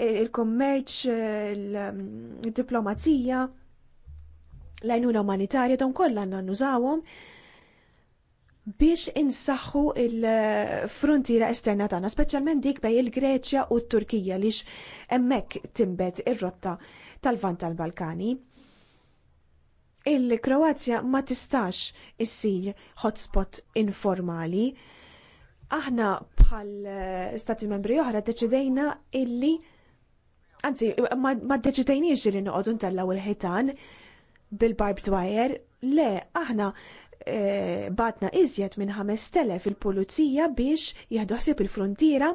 il-kommerċ, il-diplomazija, l-għajnuna umanitarja, dawn kollha għandna nużawhom biex insaħħu il-frontiera esterna tagħna, speċjalment dik bej il-Greċja u t-Turkija lix hemmhekk timbet ir-rotta tal-Vant tal-Balkani. Il-Kroazja ma tistax issir hotspot informali. Aħna bħal stati membri oħra deċidejna illi Anzi, ma deċidejniex li noqogħdu ntellaw il-ħitan bil-barbed wire, le, aħna e, batna iżjed minn 5000 il-pulizija biex jieħdu ħsib il-frontiera,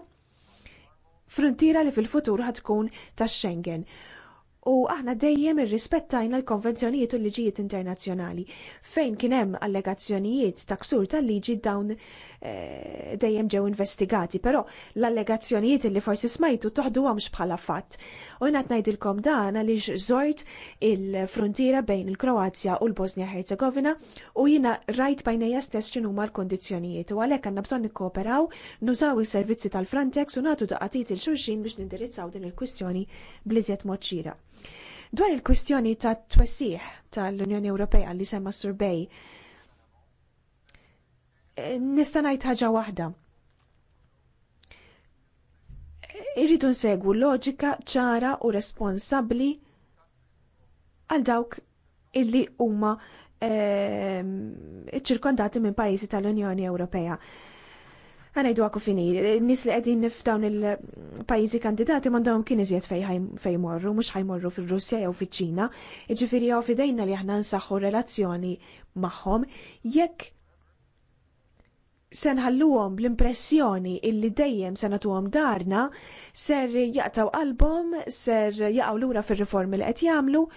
frontiera li fil-futur ħatkun tax Schengen u aħna dejjem irrispettajna l-konvenzjonijiet u l-liġijiet internazzjonali. Fejn kien hemm allegazzjonijiet ta' ksur tal-liġi dawn eh, dejjem ġew investigati, però l-allegazzjonijiet li forsi smajtu toħduhomx bħala fatt. U ngħid ngħidilkom dan għaliex żort il-frontiera bejn il-Kroazja u l-Bosnia Herzegovina u jiena rajt bajnija stess x'inhuma l-kondizzjonijiet u għalhekk għandna bżonn nikkooperaw, nużaw is-servizzi tal-Frontex u nagħtu daqatit il-xulxin biex nindirizzaw din il-kwistjoni bliżjed mod Dwar il-kwistjoni ta' twessiħ tal-Unjoni Ewropea li semma surbej, e, nista' ngħid ħaġa waħda. Irridu nsegwu loġika ċara u responsabbli għal dawk illi huma ehm, ċirkondati minn pajjiżi tal-Unjoni Ewropea. Għanajdu għaku fini, nis li għedin f'dawn il-pajizi kandidati mandawm kien iżjed fej morru, mux ħajmorru fil-Russja jew fil-ċina, iġifiri għaw fidejna li aħna nsaxħu relazzjoni maħħom, jekk senħalluhom l-impressjoni illi dejjem senatuhom darna, ser jaqtaw qalbhom, ser jaqaw lura fil-riformi li qed jagħmlu,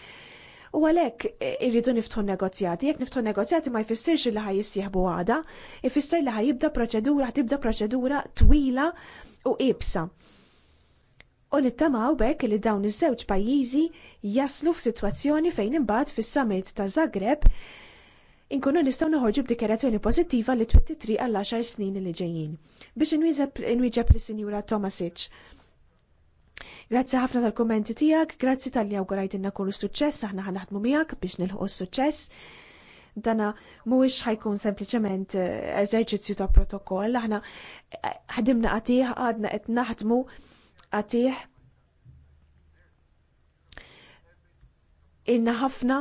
U għalhekk e, irridu niftħu negozjati, jekk niftħu negozjati ma jfissirx li ħaj jissieħbu għada, jfissir li jibda proċedura, tibda proċedura twila u ibsa. U nittamaw bekk li dawn iż-żewġ pajjiżi jaslu f'sitwazzjoni fejn imbagħad fis-summit ta' Zagreb inkunu nistgħu noħorġu b'dikjerazzjoni pozittiva li twittitri għall-10 snin li ġejjin. Biex inwieġeb l-Sinjura Tomasic, Grazzi ħafna tal-kommenti tijak, grazzi tal-li għawgħarajt inna kollu suċess, aħna ħanaħdmu miegħek biex nilħu s-suċess. Dana mhuwiex ħajkun sempliċement eh, eżerċizzju ta' protokoll, aħna eh, ħadimna għatiħ, għadna qed naħdmu għatiħ. Inna ħafna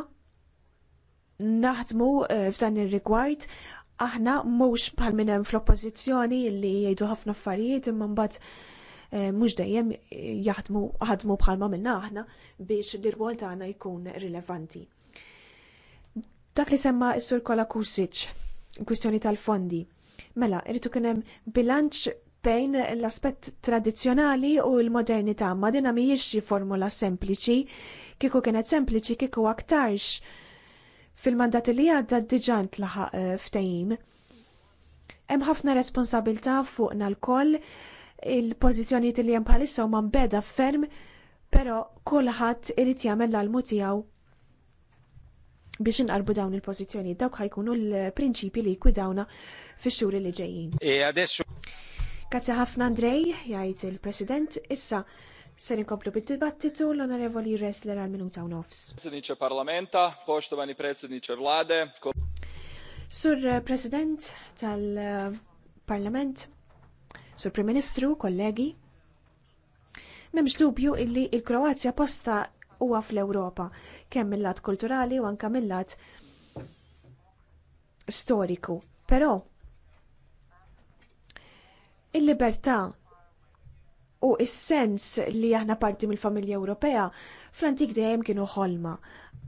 naħdmu eh, f'dan ir-rigward aħna mhux bħal minn hemm fl-oppożizzjoni li jgħidu ħafna affarijiet imma mbagħad Eh, mhux dejjem jaħdmu ħadmu bħalma minna aħna biex l-irwol tagħna jkun rilevanti. Dak li semma s-sur kola Kusic, kwistjoni tal-fondi. Mela, irritu hemm bilanċ bejn l-aspett tradizzjonali u l-modernità, ma dina mhijiex formula sempliċi, kieku kienet sempliċi kieku aktarx fil-mandat li għadda diġant laħaq eh, ftehim. Hemm ħafna responsabilità fuqna l-koll il-pożizzjonijiet li hemm bħalissa huma mbeda ferm, però kulħadd irid jagħmel l-almu tiegħu biex inqarbu dawn il-pożizzjoni dawk ħajkunu l-prinċipji li jkwidawna fix xuri li ġejjin. E Grazzi ħafna Andrej, jgħid il-President, issa ser inkomplu bid-dibattitu l-Onorevoli Ressler għal minuta u nofs. Presidnice Parlamenta, poċtovani predsjedniče Vlade. Sur President tal-Parlament, Sur Prim Ministru, kollegi, memx dubju illi il-Kroazja posta huwa fl-Ewropa, kemm mill-lat kulturali u anka mill-lat storiku. Però il-libertà u is-sens li aħna parti mill-familja Ewropea fl-antik dejjem kienu ħolma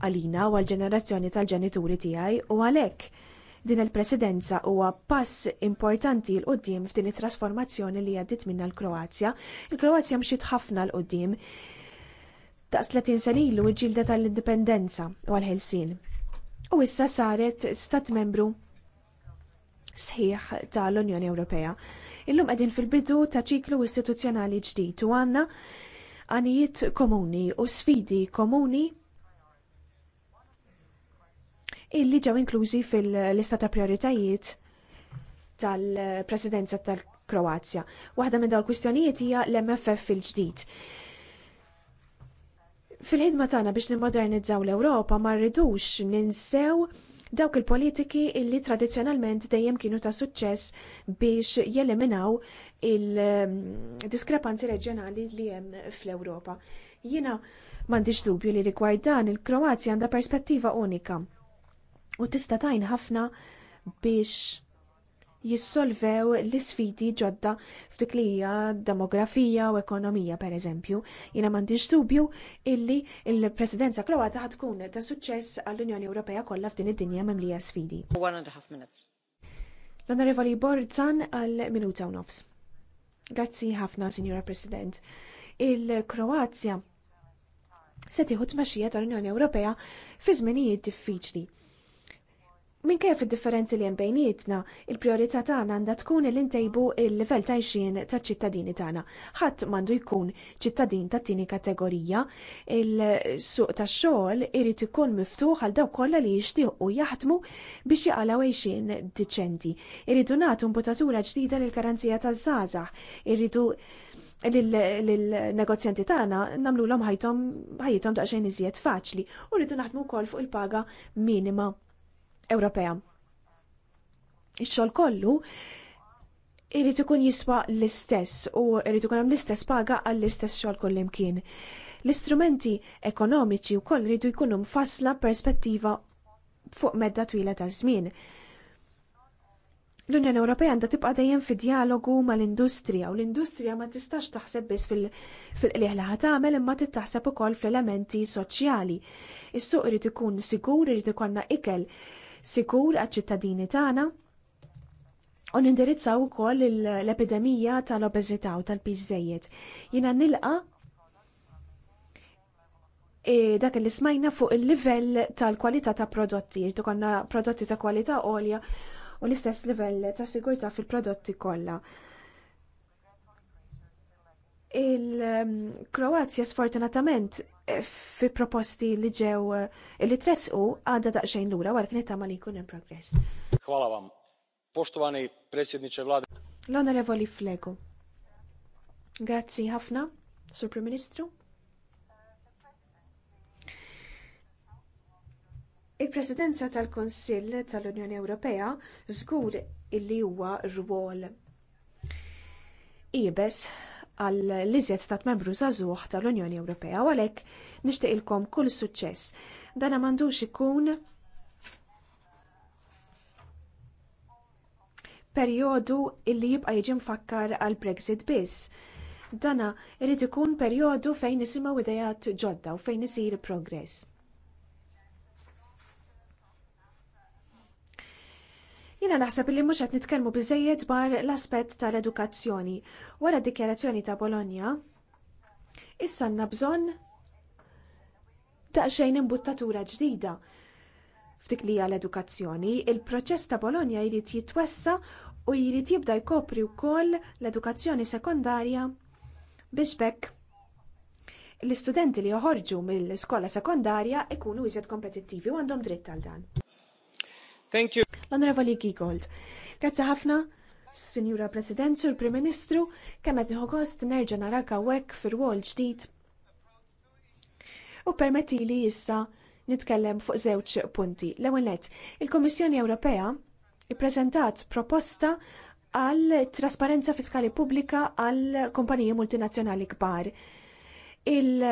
għalina u għall-ġenerazzjoni tal-ġenituri tiegħi u għalhekk Din il-presidenza huwa pass importanti l qoddim f'din it-trasformazzjoni li għaddit minna l-Kroazja. Il-Kroazja mxiet ħafna l qoddim ta' 30 sen ilu ġilda tal-indipendenza u għal-ħelsin. U issa saret stat membru sħiħ tal-Unjoni Ewropea. Illum qegħdin fil-bidu ta' ċiklu istituzzjonali ġdid u għandna għanijiet komuni u sfidi komuni illi ġew inklużi fil-lista ta' prioritajiet tal-presidenza tal-Kroazja. Waħda minn dawn kwistjonijiet hija l-MFF il-ġdid. Fil-ħidma tagħna biex nimmodernizzaw l-Ewropa ma rridux ninsew dawk il-politiki illi tradizzjonalment dejjem kienu ta' suċċess biex jeliminaw il-diskrepanzi reġjonali li hemm fl-Ewropa. Jiena m'għandix dubju li rigward dan il-Kroazja għandha perspettiva unika u tista' tajn ħafna biex jissolvew l-isfidi ġodda f'dik li hija demografija u ekonomija pereżempju. Jiena m'għandix dubju illi l-Presidenza Kroata ħad tkun ta' suċċess għall-Unjoni Ewropea kollha f'din id-dinja mimlija sfidi. One and a half minutes. L-Onorevoli Borzan għal minuta u nofs. Grazzi ħafna, Signora President. Il-Kroazja se tieħu tmexxija tal-Unjoni Ewropea fi żminijiet diffiċli Min kif id differenzi li jembejnietna, bejnietna, il-priorità tagħna għandha tkun il ntejbu il-livell ta' ixjien taċ-ċittadini tagħna. Ħadd m'għandu jkun ċittadin ta' tieni kategorija, il-suq tax-xogħol irid ikun miftuħ għal dawk kollha li jixtiequ jaħdmu biex jaqalgħu għejxin diċenti. Irridu nagħtu mbutatura ġdida lill karanzija taż-żgħażagħ. Irridu lill negozjanti tagħna nagħmluhom ħajthom ħajjithom daqsxejn iżjed faċli u rridu naħdmu wkoll fuq il-paga minima Ewropea. Ix-xogħol kollu irid ikun jiswa l-istess u irid ikun hemm l-istess paga għall-istess xogħol kullimkien. L-istrumenti ekonomiċi wkoll rridu jkunu mfassla perspettiva fuq medda twila ta' żmien. L-Unjoni Ewropea għandha tibqa' dejjem fi dialogu mal-industrija u l-industrija ma tistax taħseb biss fil-qliħ li tagħmel imma titaħseb ukoll fl-elementi soċjali. Is-suq irid ikun sigur, irid ikollna ikel sikur għaċ-ċittadini tagħna u nindirizzaw ukoll l-epidemija tal-obeżità u tal-piżejjed. Jiena nilqa e, dak li smajna fuq il-livell tal-kwalità ta' prodotti, irtu konna prodotti ta' kwalità għolja u l-istess livell ta' sigurtà fil-prodotti kollha. Il-Kroazja sfortunatament fi proposti li ġew eh, li tresqu għadha daqsxejn lura wara kien li jkun hemm progress. Hvala vam. Poštovani predsjedniče vlade. l Flego. Grazzi ħafna, Sur Prim Ministru. Il-Presidenza tal-Konsill tal-Unjoni Ewropea żgur illi huwa rwol ibes għal liżjed stat membru zazuħ tal-Unjoni Ewropea u għalhekk nixtieqilkom kull suċċess. Dana m'għandux ikun perjodu illi jibqa' jiġi mfakkar għal Brexit biss. Dana irid ikun perjodu fejn nisimgħu idejat ġodda u fejn isir progress. Jena naħseb li mhux qed nitkellmu biżejjed dwar l-aspett tal-edukazzjoni. Wara d dikjarazzjoni ta' Bologna, issa għandna bżonn daqsxejn imbuttatura ġdida. f'dik li l-edukazzjoni, il-proċess ta' Bologna jrid jitwessa u jrid jibda jkopri wkoll l-edukazzjoni sekondarja biex bekk l-istudenti li joħorġu mill-iskola sekondarja ikunu iżjed kompetittivi u għandhom dritt għal dan. Thank you. L-Onorevoli Gigold. Grazzi ħafna, Signora President, Sur Prim Ministru, kemm qed nħogost nerġa' naraka hawnhekk fir-wol ġdid. U permetti li issa nitkellem fuq żewġ punti. L-ewwel nett, il-Kummissjoni Ewropea ippreżentat proposta għal trasparenza fiskali pubblika għal kumpaniji multinazzjonali kbar. il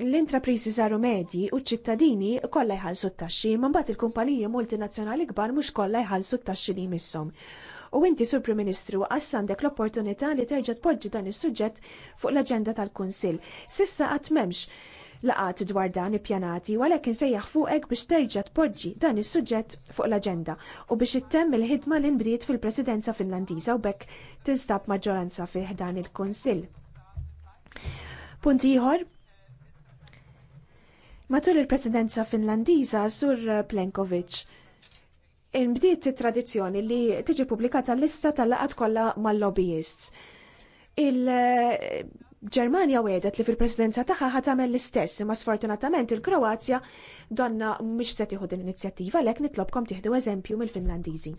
l-intrapriżi żaru medji u ċittadini kollha jħallsu t-taxxi, ma mbagħad il-kumpaniji multinazzjonali kbar mhux kollha jħallsu t-taxxi li jmisshom. U inti, Sur Prim Ministru, għandek l-opportunità li terġa' tpoġġi dan is-suġġett fuq l-aġenda tal-Kunsill. Sissa qatt m'hemmx laqat dwar dan ippjanati u għalhekk insejjaħ fuqek biex terġa' tpoġġi dan is-suġġett fuq l-aġenda u biex ittemm il-ħidma li nbdiet fil-Presidenza Finlandiża u bekk tinstab maġġoranza fih dan il-Kunsill. Punti ieħor, Matul il-presidenza finlandiża sur Plenkovic, inbdiet tradizzjoni li tiġi pubblikata l-lista tal-laqat kollha mal-lobbyists. il ġermania wedet li fil-presidenza tagħha ħat tagħmel l-istess, imma sfortunatament il-Kroazja donna mhix se tieħu din l-inizjattiva lek nitlobkom tieħdu eżempju mill-Finlandiżi.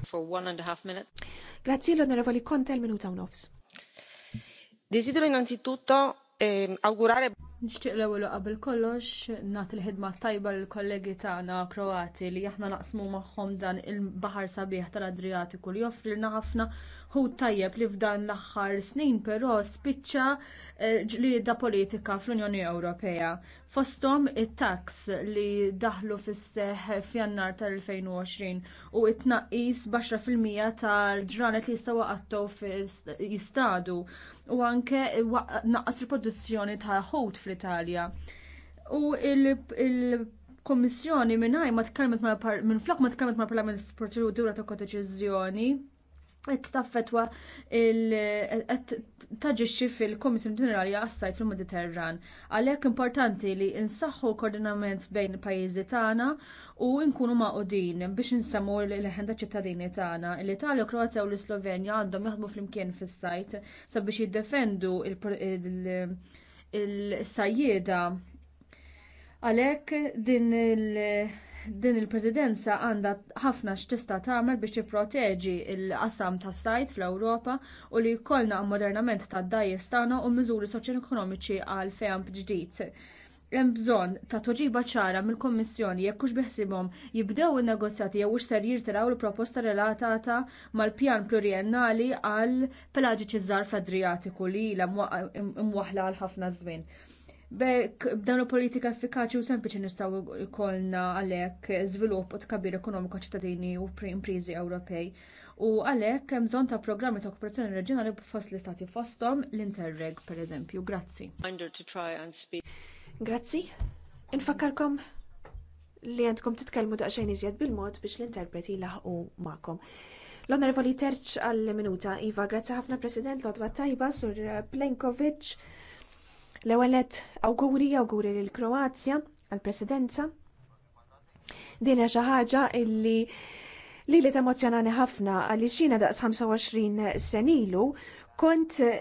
Grazzi l-Onorevoli Kontel minuta u nofs. Desidero innanzitutto eh, augurare Nixtieq l-ewwel qabel kollox nagħti l-ħidma tajba lill kollegi tagħna Kroati li aħna naqsmu magħhom dan il-baħar sabiħ tal-Adriatiku li joffrilna ħafna hu tajjeb li f'dan l-aħħar snin però spiċċa eh, ġlieda politika fl-Unjoni Ewropea. Fosthom it-tax li daħlu fis-seħ f'jannar tal-2020 u t tnaqqis baxra fil-mija tal-ġranet li jistgħu għattaw jistadu u anke naqqas il-produzzjoni ta' ħut fl-Italja. U il- Kommissjoni minnaj ma tkellmet minn flok ma tkellmet mal parlament f'proċedura ta' kodeċiżjoni qed taffetwa qed taġixxi fil-Kummissjoni Ġenerali għas-sajt fil-Mediterran. Għalhekk importanti li nsaħħu koordinament bejn pajjiżi tagħna u nkunu maqudin biex nsemmu l-ħenda ċittadini tagħna. L-Italja, Kroazja u l-Slovenja għandhom jaħdmu flimkien fis-sajt sabiex jiddefendu il-sajjieda għalhekk din il- din il-presidenza għandha ħafna x'tista' tagħmel biex tipproteġi l-qasam tas sajd fl-Ewropa u li jkollna ammodernament tad-dajjes tagħna u miżuri soċjoekonomiċi għal fejamp ġdid. Hemm bżonn ta' toġiba ċara mill-Kummissjoni jekk hux biħsibhom jibdew in-negozjati jew hux ser jirtiraw il-proposta relatata mal-pjan pluriennali għal pelagiċi żgħar fl-Adriatiku li ilha imwaħla għal ħafna żmien. Bek, b'dan politika effikaċi u sempliċi nistgħu jkollna għalhekk żvilupp u tkabir ekonomiku ċittadini u imprizi Ewropej. U għalhekk hemm bżonn ta' programmi ta' kooperazzjoni reġjonali b'fost li stati fostom l-Interreg pereżempju. Grazzi. Grazzi. Infakkarkom li għandkom titkellmu xejn iżjed bil-mod biex l-interpreti laħqu ma'kom. L-Onorevoli Terċ għall-minuta, Iva, grazzi ħafna President Lodwa Tajba sur Plenkovic L-ewelet awguri awguri l-Kroazja għal-presidenza. Din xi ħaġa illi li li emozjonani ħafna għalli xina daqs 25 senilu kont eh,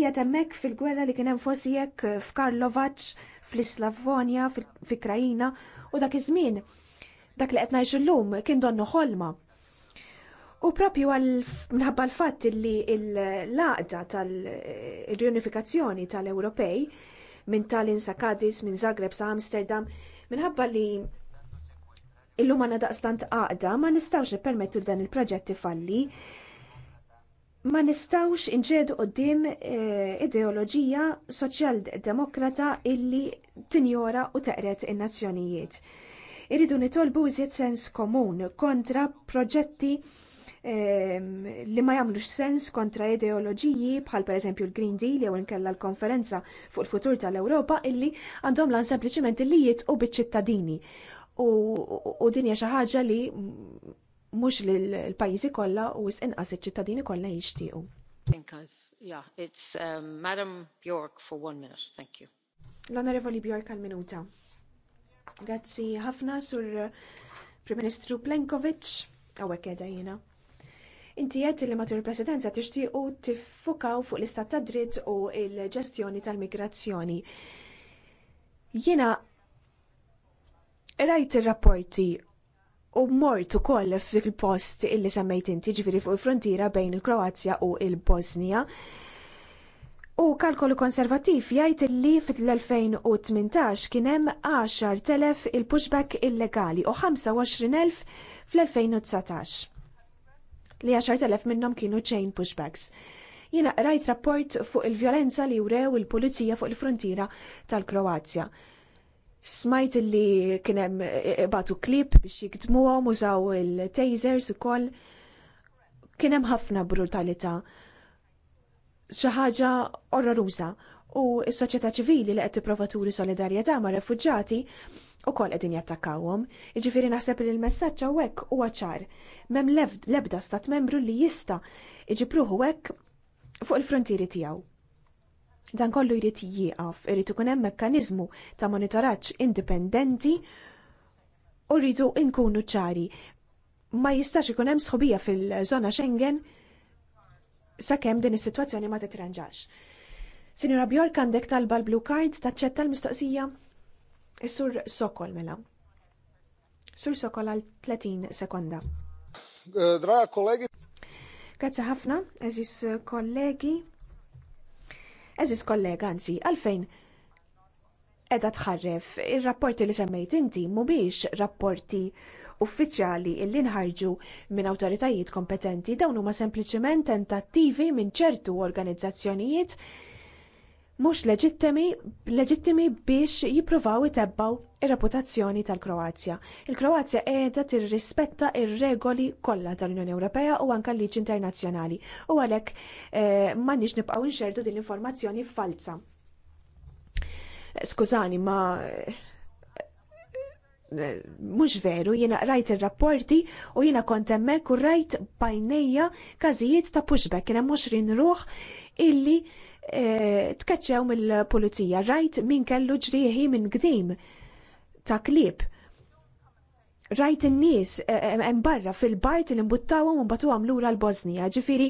ija temmek fil-gwerra li kien hemm fosijek f'Karlovac fl-Islavonja, fil-Krajina u dak iż-żmien dak li qed ngħix illum kien donnu ħolma. U propju għal minħabba l-fatt li l-laqda tal-riunifikazzjoni tal-Ewropej minn Tallinn sa Kadis, minn Zagreb sa Amsterdam, minħabba li illum għana daqstant għaqda ma nistawx nippermettu dan il-proġett falli, ma nistawx inġedu qoddim eh, ideoloġija soċjal-demokrata illi tinjora u teqret in-nazzjonijiet. Iridu nitolbu iżjed sens komun kontra proġetti Ehm, li ma jagħmlux sens kontra ideoloġiji bħal eżempju l-Green Deal jew inkella l-konferenza fuq il-futur tal-Ewropa illi għandhom lan sempliciment li jitqu biċ-ċittadini. U din hija xi ħaġa li mhux l-pajjiżi kollha u inqas iċ-ċittadini kollha jixtiequ. Yeah, it's um, Madam Bjork for one minute. Thank you. L-Onorevoli Bjork għal minuta. Grazzi ħafna sur Prim Ministru Plenkovic, għawek edha jena. Inti għedt li matul il-Presidenza tixtiequ tiffukaw fuq l-istat ta' dritt u l-ġestjoni tal-migrazzjoni. Jiena rajt ir-rapporti u mort ukoll fil post illi semmejt inti ġviri fuq il frontira bejn il-Kroazja u il bosnia U kalkolu konservativ jgħid li fil-2018 kien hemm 10,000 il-pushback illegali u 25,000 fl-2019 li 10,000 minnhom kienu chain pushbacks. Jina rajt rapport fuq il-vjolenza li urew il-pulizija fuq il-frontiera tal-Kroazja. Smajt li kienem batu klip biex jikdmuhom użaw il-tasers ukoll. Kienem ħafna brutalità. Xi ħaġa u s-soċjetà ċivili li qed tipprova turi solidarjetà ma' refugġati u kol edin jattakawom, iġifiri naħseb li l-messagġ hawnhekk huwa ċar. Mem lebda stat membru li jista' iġipruħu hekk fuq il-frontieri tiegħu. Dan kollu jrid jieqaf, irid ikun hemm mekkaniżmu ta' monitoraġġ indipendenti u rridu nkunu ċari. Ma jistax ikun hemm sħobija fil-żona Schengen sakemm din is-sitwazzjoni ma titranġax. Sinjora Bjork għandek talba l-blue card taċċetta l-mistoqsija? Is-sur Sokol mela. Sur Sokol għal 30 sekonda. Eh, dra kollegi. Grazzi ħafna, eżis kollegi. Eżis kollega, anzi, għalfejn edha tħarref il-rapporti li semmejt inti mhumiex rapporti uffiċjali illi nħarġu minn awtoritajiet kompetenti dawn huma sempliċement tentattivi minn ċertu organizzazzjonijiet mhux leġittimi biex jippruvaw itebbaw ir-reputazzjoni tal-Kroazja. Il-Kroazja qiegħda tirrispetta ir-regoli kollha tal-Unjoni Ewropea u anke l-liġi internazzjonali u għalhekk eh, m'għandniex nibqgħu nxerdu din l-informazzjoni falsa. Skużani, ma eh, mhux veru, jiena rajt ir rapporti u jiena kont hemmhekk u rajt bajnejja każijiet ta' pushback kien hemm 20 ruħ illi Eh, tkeċċew mill-pulizija. Rajt min kellu ġrieħi minn gdim ta' klib. Rajt in-nies eh, eh, hemm barra fil-bart li mbuttawhom u mbagħtuhom lura l-Bosnija. Ġifieri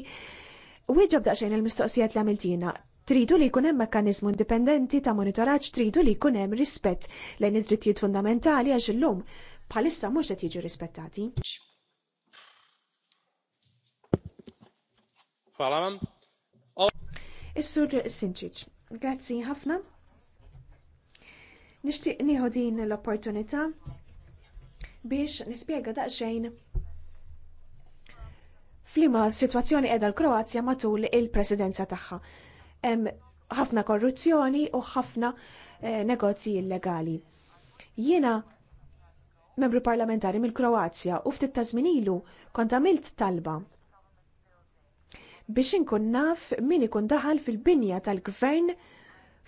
wieġeb daqsxejn il-mistoqsijiet li għamiltina. Tridu li jkun hemm mekkaniżmu indipendenti ta' monitoraġġ, tridu li jkun hemm rispett lejn id-drittijiet fundamentali għax illum bħalissa mhux qed jiġu rispettati. Hvala Is-sur Sinċiċ, grazzi ħafna. Nixtieq nieħu din l-opportunità biex nispjega daqsxejn flima situazzjoni edha l-Kroazja matul il-presidenza tagħha. Hemm ħafna korruzzjoni u ħafna eh, negozji illegali. Jiena membru parlamentari mill-Kroazja u ftit ta' ilu kont għamilt talba biex inkun naf min ikun daħal fil-binja tal-gvern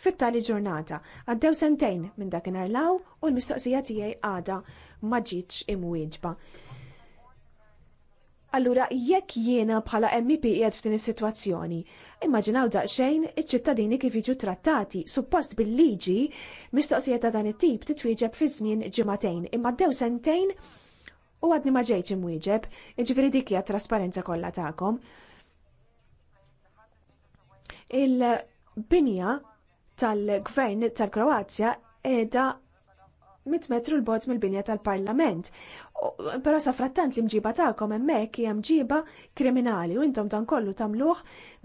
fit-tali ġurnata. Għaddew sentejn minn dakin arlaw u l-mistoqsija tiegħi għada ma ġietx imwieġba. Allura jekk jiena bħala MEP qiegħed f'din is-sitwazzjoni, immaġinaw daqsxejn iċ-ċittadini kif jiġu trattati suppost bil-liġi mistoqsija ta' dan it-tip titwieġeb fi żmien ġimagħtejn imma ddew sentejn u għadni ma ġejċ imwieġeb, ġifiri dik hija trasparenza kollha tagħkom. Il-binja tal-gvern tal-Kroazja edha mit metru l-bot mill-binja tal-parlament. Pero sa frattant li mġiba ta'kom emmek hija mġiba kriminali u intom dan kollu tamluħ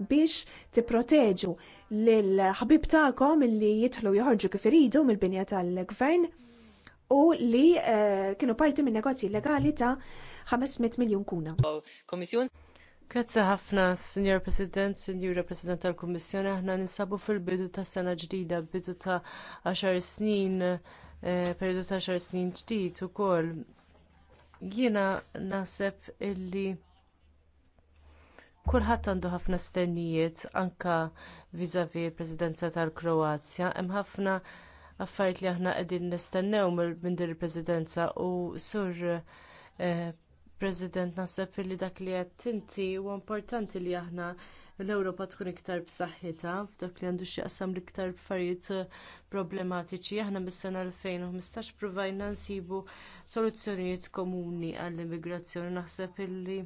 biex tipproteġu l ħabib ta'kom li jidħlu joħorġu kif iridu mill-binja tal-gvern u li eh, kienu parti minn negozji illegali ta' 500 miljon kuna. Grazzi ħafna, Signor President, Signora President tal-Kummissjoni, aħna ninsabu fil-bidu ta' sena ġdida, bidu ta' 10 snin, eh, periodu ta' 10 snin ġdid ukoll. Jiena naħseb illi kulħadd għandu ħafna stennijiet anke vizavi l-Presidenza tal-Kroazja, hemm ħafna affarijiet li aħna qegħdin nistennew minn din il-Presidenza u sur eh, President, naħseb li dak li qed inti huwa importanti li aħna l-Ewropa tkun iktar b'saħħitha f'dak li għandu x'jaqsam l-iktar b'farijiet eh, problematiċi. Aħna mis-sena 2015 provajna nsibu soluzzjonijiet komuni għall-immigrazzjoni. Naħseb illi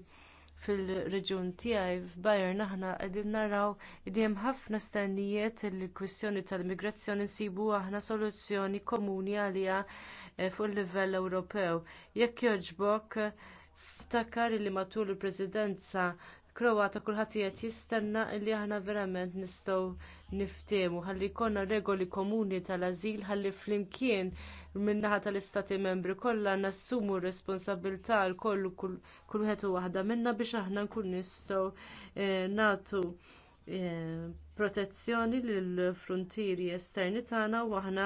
fil-reġjun tiegħi f'Bayern aħna qegħdin naraw li hemm ħafna stennijiet li l-kwistjoni tal immigrazzjoni nsibu aħna soluzzjoni komuni għaliha eh, fuq il livell Ewropew. Jekk jogħġbok, niftakar li matul il-presidenza Kroata kulħadd qed jistenna li aħna verament nistgħu niftehmu ħalli jkollna regoli komuni tal-ażil ħalli flimkien min-naħa tal-istati membri kollha nassumu r-responsabilità l kull wieħed u waħda minnha biex aħna nkun nistgħu eh, nagħtu Eh, protezzjoni lill frontieri esterni tagħna u aħna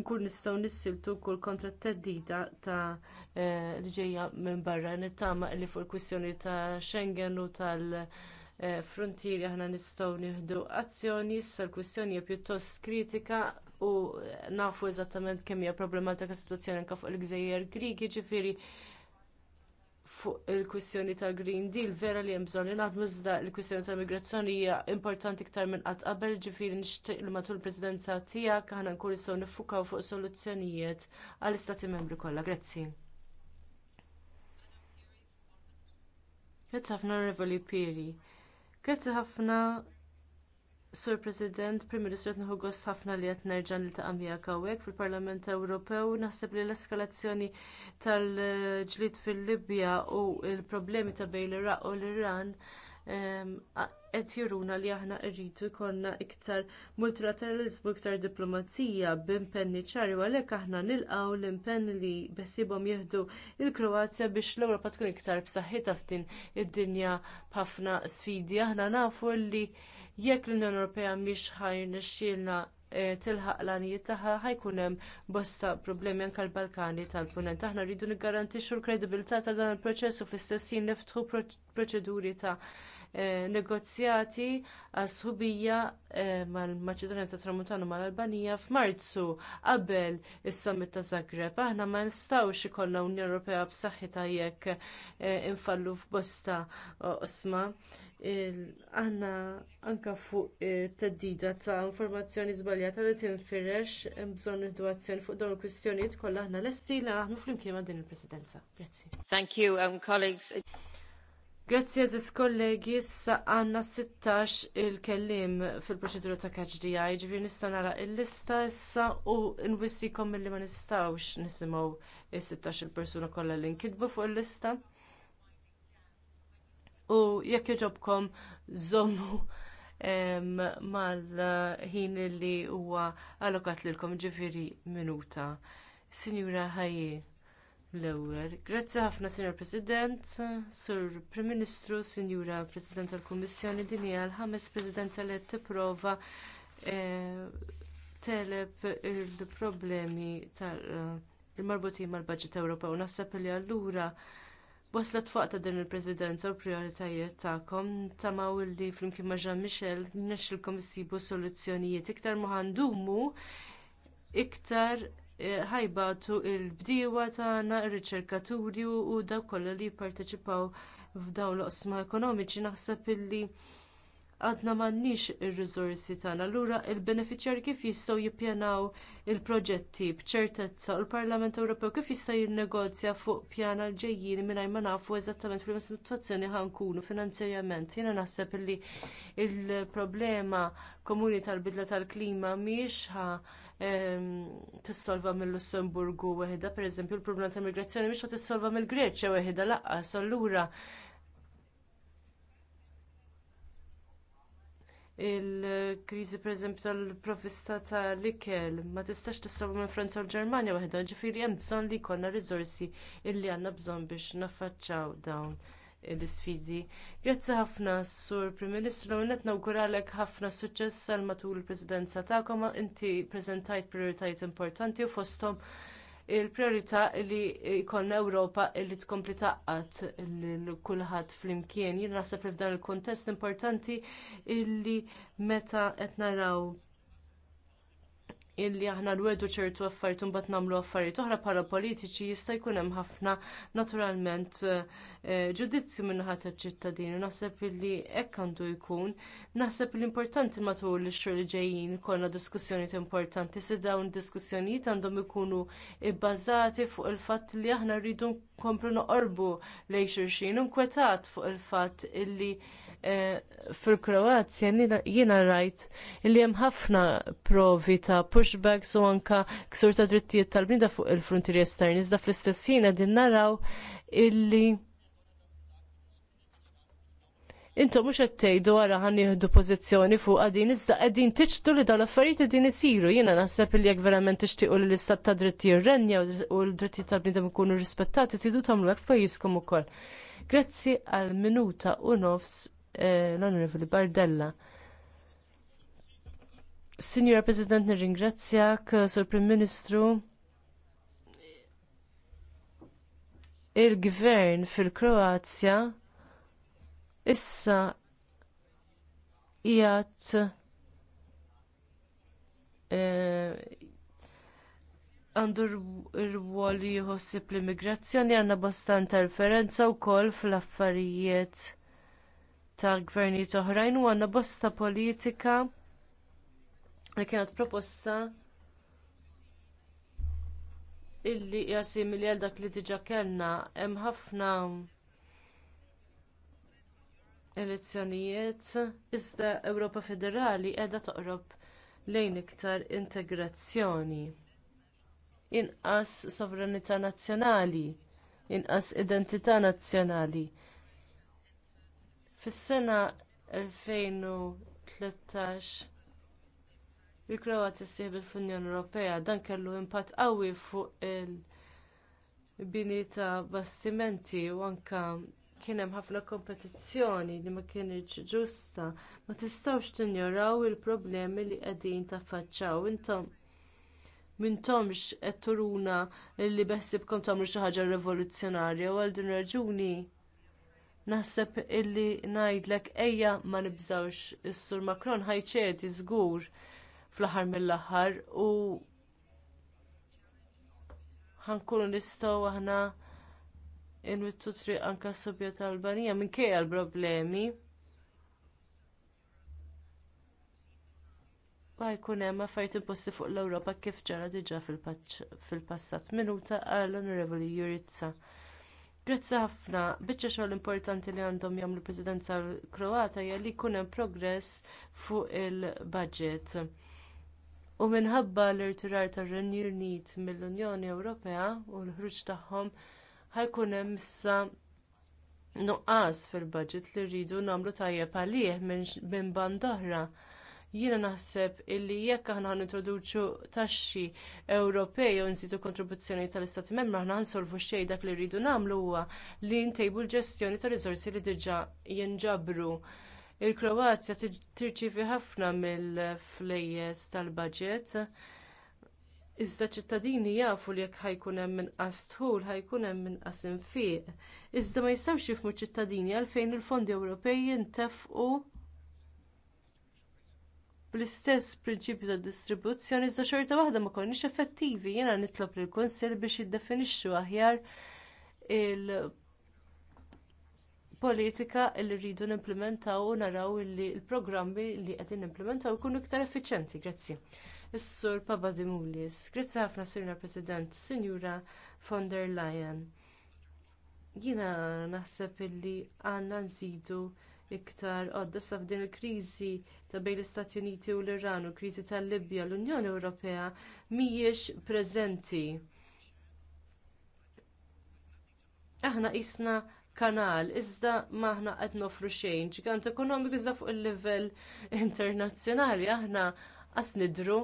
nkun nistgħu nissiltu kull kontra t-teddida ta' eh, li ġejja minn barra nittama li fuq il-kwistjoni ta' Schengen u tal-frontieri eh, aħna nistgħu nieħdu azzjoni issa l-kwistjoni hija pjuttost kritika u nafu eżattament kemm hija problematika sitwazzjoni anke fuq il-Gżejjer Grigi ġifieri fuq il-kwistjoni tal-Green Deal vera li hemm bżonn naħdmu iżda l-kwistjoni tal-migrazzjoni hija importanti iktar minn qatt qabel ġifieri nixtieq li matul il-presidenza tiegħek aħna nkunu nistgħu niffukaw fuq soluzzjonijiet għall-istati membri kollha. Grazzi. Grazzi ħafna Revoli Piri. Grazzi ħafna Sur President, Prim Ministru qed gost ħafna li qed nerġa' niltaqa' miegħek hawnhekk fil-Parlament Ewropew naħseb li l-eskalazzjoni tal ġlied fil-Libja u l-problemi ta' bejn l-Iraq u l-Iran ehm, qed juruna li aħna rridu jkollna iktar multilateraliżmu iktar diplomazija b'impenni ċari u għalhekk aħna nilqgħu l-impenn li besibhom jieħdu l kroazja biex l-Ewropa tkun iktar b'saħħitha f'din id-dinja b'ħafna sfidi. Aħna nafu li jekk l-Unjoni Ewropea mhix ħajnexxielna eh, tilħaq l-għanijiet tagħha ħajkun hemm bosta problemi anke l-Balkani tal-Punent. Aħna rridu niggarantixxu l-kredibilità ta' dan il-proċess u fl-istess jien proċeduri ta' Eh, negozjati għas eh, mal-Maċedonja ta' Tramuntana mal-Albanija f'Marzu qabel is-summit ta' Zagreb. Aħna ma nistgħux ikollna Unjoni Ewropea b'saħħitha jekk eh, infallu f'bosta qosma. Aħna anke fuq teddida ta' informazzjoni żbaljata li tinfirex bżonn nieħdu azzjoni fuq dawn il-kwistjonijiet kollha aħna lesti li naħdmu flimkien ma' din il-Presidenza. Grazzi. Thank you, um colleagues. Grazzi għaziz kollegi, issa għanna 16 il-kellim fil-proċedura ta' KHDI, ġivir nista nara il-lista issa u nwissikom mill-li ma nistawx nisimaw il-16 il-persuna kolla li nkidbu fuq il-lista. U jekk joġobkom zommu mal-ħin li huwa allokat lilkom ġifiri minuta. Signora Ħajji l-ewwel. Grazzi ħafna Sinjor President, Sur Prim Ministru, Sinjura President tal-Kummissjoni din hija l-ħames Presidenza li tipprova eh, teleb il-problemi tal-marbutin eh, mal-Baġit Ewropew. Naħseb li allura waslet fuq ta' din il-Presidenza u prioritajiet tagħkom tamaw li flimkien ma' Jean Michel nexxilkom issibu soluzzjonijiet iktar ma ħandumu iktar ħajbatu il-bdiewa tagħna, ir-riċerkaturi u dawk kollha li jipparteċipaw f'dawn l-oqsma ekonomiċi naħseb illi għadna m'għandniex ir-riżorsi tagħna. Allura il-beneficjar kif jistgħu jippjanaw il-proġetti b'ċertezza u l-Parlament Ewropew kif jista' jinnegozja fuq pjan għal ġejjin mingħajr ma nafu eżattament fil situazzjoni ħankunu finanzjarjament. Jiena naħseb illi l problema komuni tal-bidla tal-klima mhijiex Ehm, tissolva mill-Lussemburgu weħda, pereżempju l problema ta' migrazzjoni mhix tissolva mill-Greċja weħda laqqas allura il-kriżi pereżempju tal-provvista tal-ikel ma tistax tissolva minn Franza u l-Ġermanja waħda, ġifieri hemm bżonn li jkollna riżorsi illi għandna bżonn biex naffaċċaw dawn l isfidi Grazzi ħafna, Sur Prim Ministru, għonet nawguralek ħafna suċċess għal matul il-presidenza tagħkom, inti ppreżentajt prioritajiet importanti u fosthom il-priorità li jkollna Ewropa li tkompli taqqat lil kulħadd flimkien. Jien naħseb li f'dan il-kuntest importanti illi meta qed naraw illi aħna rwedu ċertu affarijiet u mbagħad nagħmlu affarijiet oħra bħala politiċi jista' jkun hemm ħafna naturalment eh, ġudizzju minnaħa tal-ċittadini. Naħseb illi hekk għandu jkun. Naħseb li importanti matul l xhur li ġejjin ikollna diskussjonijiet importanti se dawn diskussjonijiet għandhom ikunu bbażati fuq il-fatt li aħna rridu nkomplu noqorbu lejn xulxin, inkwetat fuq il-fatt illi Eh, fil-Kroazja jiena rajt li hemm ħafna provi ta' pushbacks u anka ksur ta' drittijiet tal-bnida fuq il-frontieri esterni, iżda fl-istess ħin qegħdin naraw illi Intom mhux qed tgħidu ara ħan nieħdu pożizzjoni fuq din iżda qegħdin tiċtu li dawn l-affarijiet qegħdin isiru. Jiena naħseb li jekk verament tixtiequ li l-istat ta' dritti jirrenja u l-drittijiet tal bnidem ikunu rispettati tidu tagħmlu hekk f'pajjiżkom ukoll. Grazzi għal minuta u nofs Eh, l-Onorevoli Bardella. Signor President, nirringrazzjak, Sur Prim Ministru. Il-gvern fil-Kroazja issa jgħat eh, għandu r-wol jħossib l-immigrazzjoni għanna bastanta referenza u koll fl-affarijiet ta' gvernijiet oħrajn u għandna bosta politika li kienet proposta illi hija simili għal dak li diġà kellna hemm ħafna elezzjonijiet iżda Ewropa Federali qiegħda toqrob lejn iktar integrazzjoni. Inqas sovranità nazzjonali, inqas identità nazzjonali. Fis-sena 2013 il-Kroazja ssieħbet fl-Unjoni Ewropea dan kellu impatt qawwi fuq il-bini ta' bastimenti u anke kien hemm ħafna kompetizzjoni li ma kienx ġusta. Ma tistgħux tinjoraw il-problemi li qegħdin taffaċċjaw intom mintomx qed turuna li beħsibkom tagħmlu xi ħaġa rivoluzzjonarja u għal din raġuni Naħseb illi ngħidlek ejja ma nibżawx is-Sur Macron ħajċedi żgur fl-aħħar mill-aħħar u ħankunu nistgħu aħna inwittu triq anke s-sobja tal-Albanija minkejja l-problemi. Ma jkun hemm affarijiet imposti fuq l-Ewropa kif ġara diġà fil-passat. Minuta għall-Onorevoli Jurizza. Grazzi ħafna, biċċa xogħol importanti li għandhom jagħmlu presidenza Kroata hija li jkun hemm progress fuq il-budget. U minħabba l-irtirar ta' renju Unit mill-Unjoni Ewropea u l-ħruġ tagħhom ħajkun hemm issa nuqqas fil-budget li rridu namlu tajjeb għalih minn band oħra. Jiena naħseb illi jekk aħna nintroduċu taxxi Ewropej u nżidu kontribuzzjoni tal-Istati Membri aħna nsolvu xejn dak li rridu nagħmlu huwa li ntejbu l-ġestjoni ta' riżorsi li diġà jinġabru. Il-Kroazja tirċievi ħafna mill-flejjes tal-budget. Iżda ċittadini jafu li jekk ħajkun hemm inqas tħul ħajkun hemm inqas infiq. Iżda ma jistgħux jifhmu ċittadini għalfejn il-fondi Ewropej jintefqu bl-istess prinċipju ta' distribuzzjoni iżda xorta waħda ma konniex effettivi jiena nitlob lill kunsill biex jiddefinixxu aħjar il-politika li rridu nimplementaw u naraw li l-programmi li qegħdin nimplementaw ikunu iktar effiċjenti. Grazzi. Is-Sur Papadimulis. Grazzi ħafna Sirna President, Sinjura von der Leyen. Jiena naħseb illi għandna nżidu iktar għodda f'din il-kriżi ta' bejn l-Istati Uniti u l-Iran u l kriżi tal-Libja l-Unjoni Ewropea mhijiex preżenti. Aħna qisna kanal, iżda maħna qed nofru xejn, ġigant ekonomiku iżda fuq il-livell internazzjonali, aħna qas nidru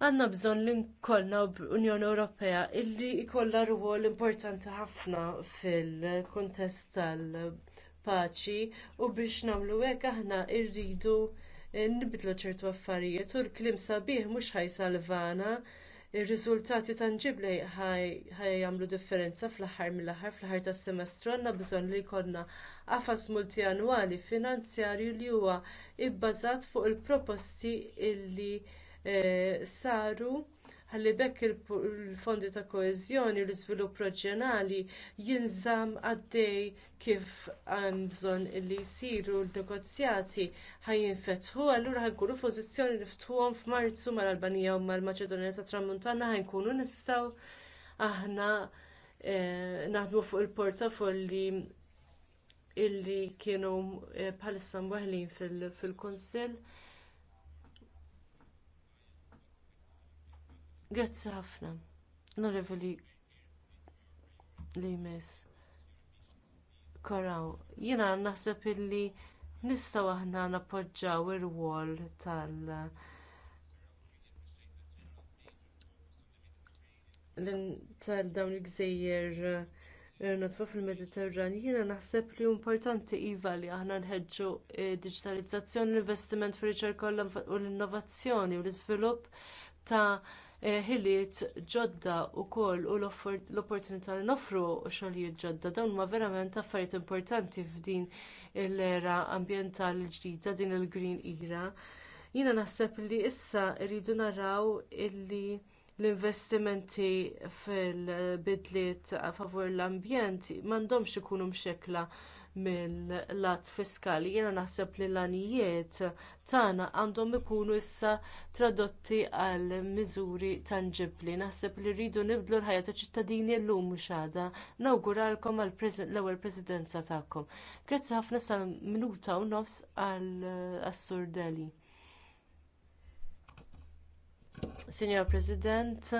għanna bżon li nkollna Unjoni Ewropea illi jkollha rwol importanti ħafna fil-kontest tal- paċi u biex nagħmlu hekk aħna rridu nibidlu ċertu affarijiet u l-klim sabiħ mhux ħajsalvana ir-riżultati tanġibli jagħmlu differenza fl-aħħar mill-aħħar fl-aħħar tas-semestru għandna bżonn li jkollna qafas multianwali finanzjarju li huwa bbażat fuq il-proposti li eh, saru ħalli bekk il-fondi ta' koeżjoni u l-iżvilupp reġjonali jinżamm għaddej kif hemm bżonn li jsiru l-negozjati ħajinfetħu, allura ħankunu pożizzjoni niftħuhom f'Marzu mal-Albanija u mal-Maċedonija tat Tramuntana ħankunu nistgħu aħna eh, naħdmu fuq il-portafolli illi kienu eh, bħalissa m'waħlin fil-Kunsill. Grazzi ħafna. Onorevoli Limes. Koraw, jiena naħseb illi nistgħu aħna nappoġġjaw ir-wol tal- tal dawn il-gżejjer eh, Notwa fil-Mediterran, jiena naħseb li importanti iva li aħna nħeġġu eh, digitalizzazzjoni, l-investiment fir riċerka u l-innovazzjoni u l-iżvilupp ta' Eh, ħiliet ġodda wkoll u l-opportunità li noffru xogħlijiet ġodda dawn huma verament affarijiet importanti f'din l-era ambjentali ġdida din il-green era. Jiena naħseb li issa rridu naraw illi l-investimenti fil-bidliet favur l-ambjent m'għandhomx ikunu mxekkla mill-lat fiskali. Jiena naħseb li l-anijiet tagħna għandhom ikunu issa tradotti għal miżuri tangibbli. Naħseb li rridu nibdlu l-ħajja ta' ċittadini llum mhux għadha. Nawguralkom l-ewwel presidenza tagħkom. Grazzi ħafna sal minuta u nofs għall-Assur Deli. Signor President,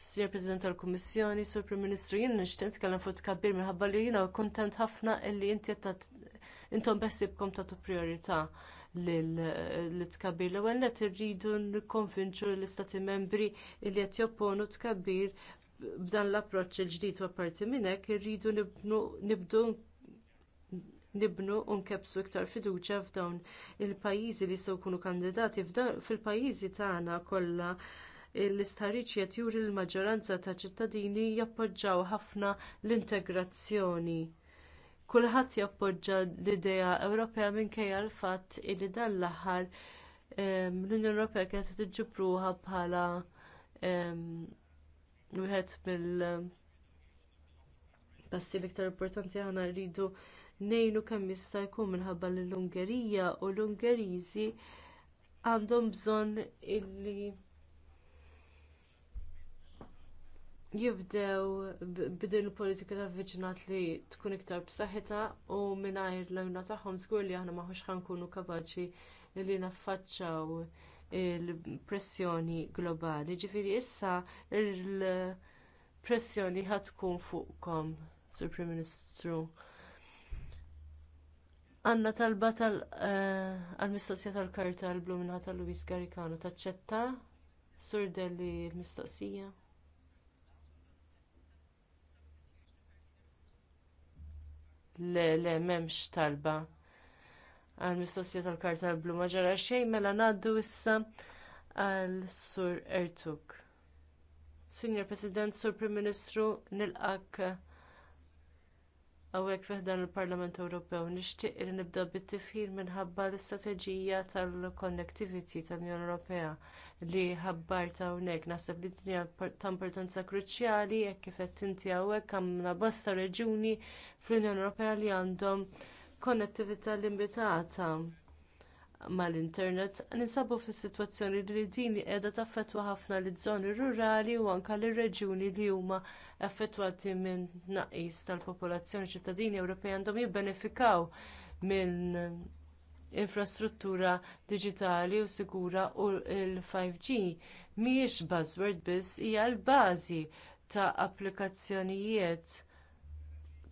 Sir President tal-Kummissjoni, Sur Prim Ministru, jien nixtieq nitkellem fuq tkabbir minħabba li jiena kuntent ħafna illi inti intom beħsibkom tagħtu priorità l-tkabbir. L-ewwel qed irridu nikkonvinċu l-istati membri li qed jopponu tkabbir b'dan l-approċċ il-ġdid u apparti minn hekk irridu nibdu nibnu u nkebsu iktar fiduċja f'dawn il-pajjiżi li se jkunu kandidati fil-pajjiżi tagħna kollha l-istħarriċ qed juri l-maġġoranza ta' ċittadini jappoġġjaw ħafna l-integrazzjoni. Kulħadd jappoġġa l-idea Ewropea minkejja l-fatt li dan l-aħħar ehm, l-Unjoni Ewropea kienet tiġġibruha bħala ehm, wieħed mill passi l-iktar importanti aħna rridu ngħinu kemm jista' jkun minħabba lill ungerija u l-Ungeriżi għandhom bżonn illi jibdew bdin il politika ta' viċinat li tkun iktar b'saħħitha u mingħajr l-għuna tagħhom żgur li aħna maħux ħankunu kapaċi li naffaċċaw il-pressjoni globali. Ġifieri issa il-pressjoni ħadd tkun fuqkom, Sur Prim Ministru. Għanna talba tal-mistoqsija eh, tal-karta l-blu minnaħat tal-Luis Garicano taċċetta Sur l-mistoqsija. Le, le, memx talba. Għal mistoqsija tal-karta tal-blu ma ġara xejn mela ngħaddu issa għal Sur Ertug. Signor President, Sur Prim Ministru, nilqak għawek fiħdan il-Parlament Ewropew nixtieq li nibda bit tifir minħabba l-istrateġija tal-connectivity tal-Unjoni Ewropea li ħabbarta hawnhekk naħseb li hija ta' importanza kruċjali jekk kif qed inti hawnhekk għandna bosta reġuni fl-Unjoni Ewropea li għandhom konnettività limitata mal-internet ninsabu fis-sitwazzjoni li din qiegħda taffettwa ħafna liż żoni rurali u anke lir reġjuni li huma affettwati minn tnaqqis tal-popolazzjoni ċittadini Ewropej għandhom jibbenefikaw minn infrastruttura diġitali u sigura u l-5G mhijiex buzzword biss hija l-bażi ta' applikazzjonijiet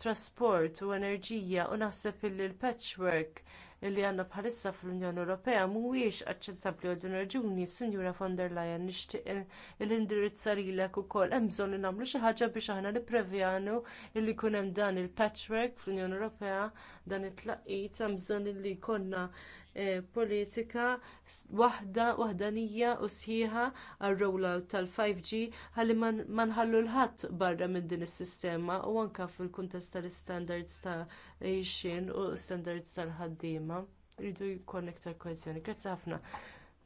trasport u enerġija u naħseb il l-patchwork Illi għandna bħalissa fl-Unjoni Ewropea mhuwiex aċċettabbli għal din raġuni, Sinjura von der Leyen nixtieq l-indirizza lilek ukoll hemm bżonn li nagħmlu xi ħaġa biex aħna nipprevjanu li jkun hemm dan il-patchwork fl-Unjoni Ewropea dan it-tlaqqit hemm bżonn li jkollna politika waħda waħdanija u sħiħa għar rollout tal-5G għalli ma nħallu l-ħadd barra minn din is-sistema u anke fil-kuntest tal-standards ta' Xin u standards tal-ħaddiema. Rridu jkun iktar kohezjoni. Grazzi ħafna.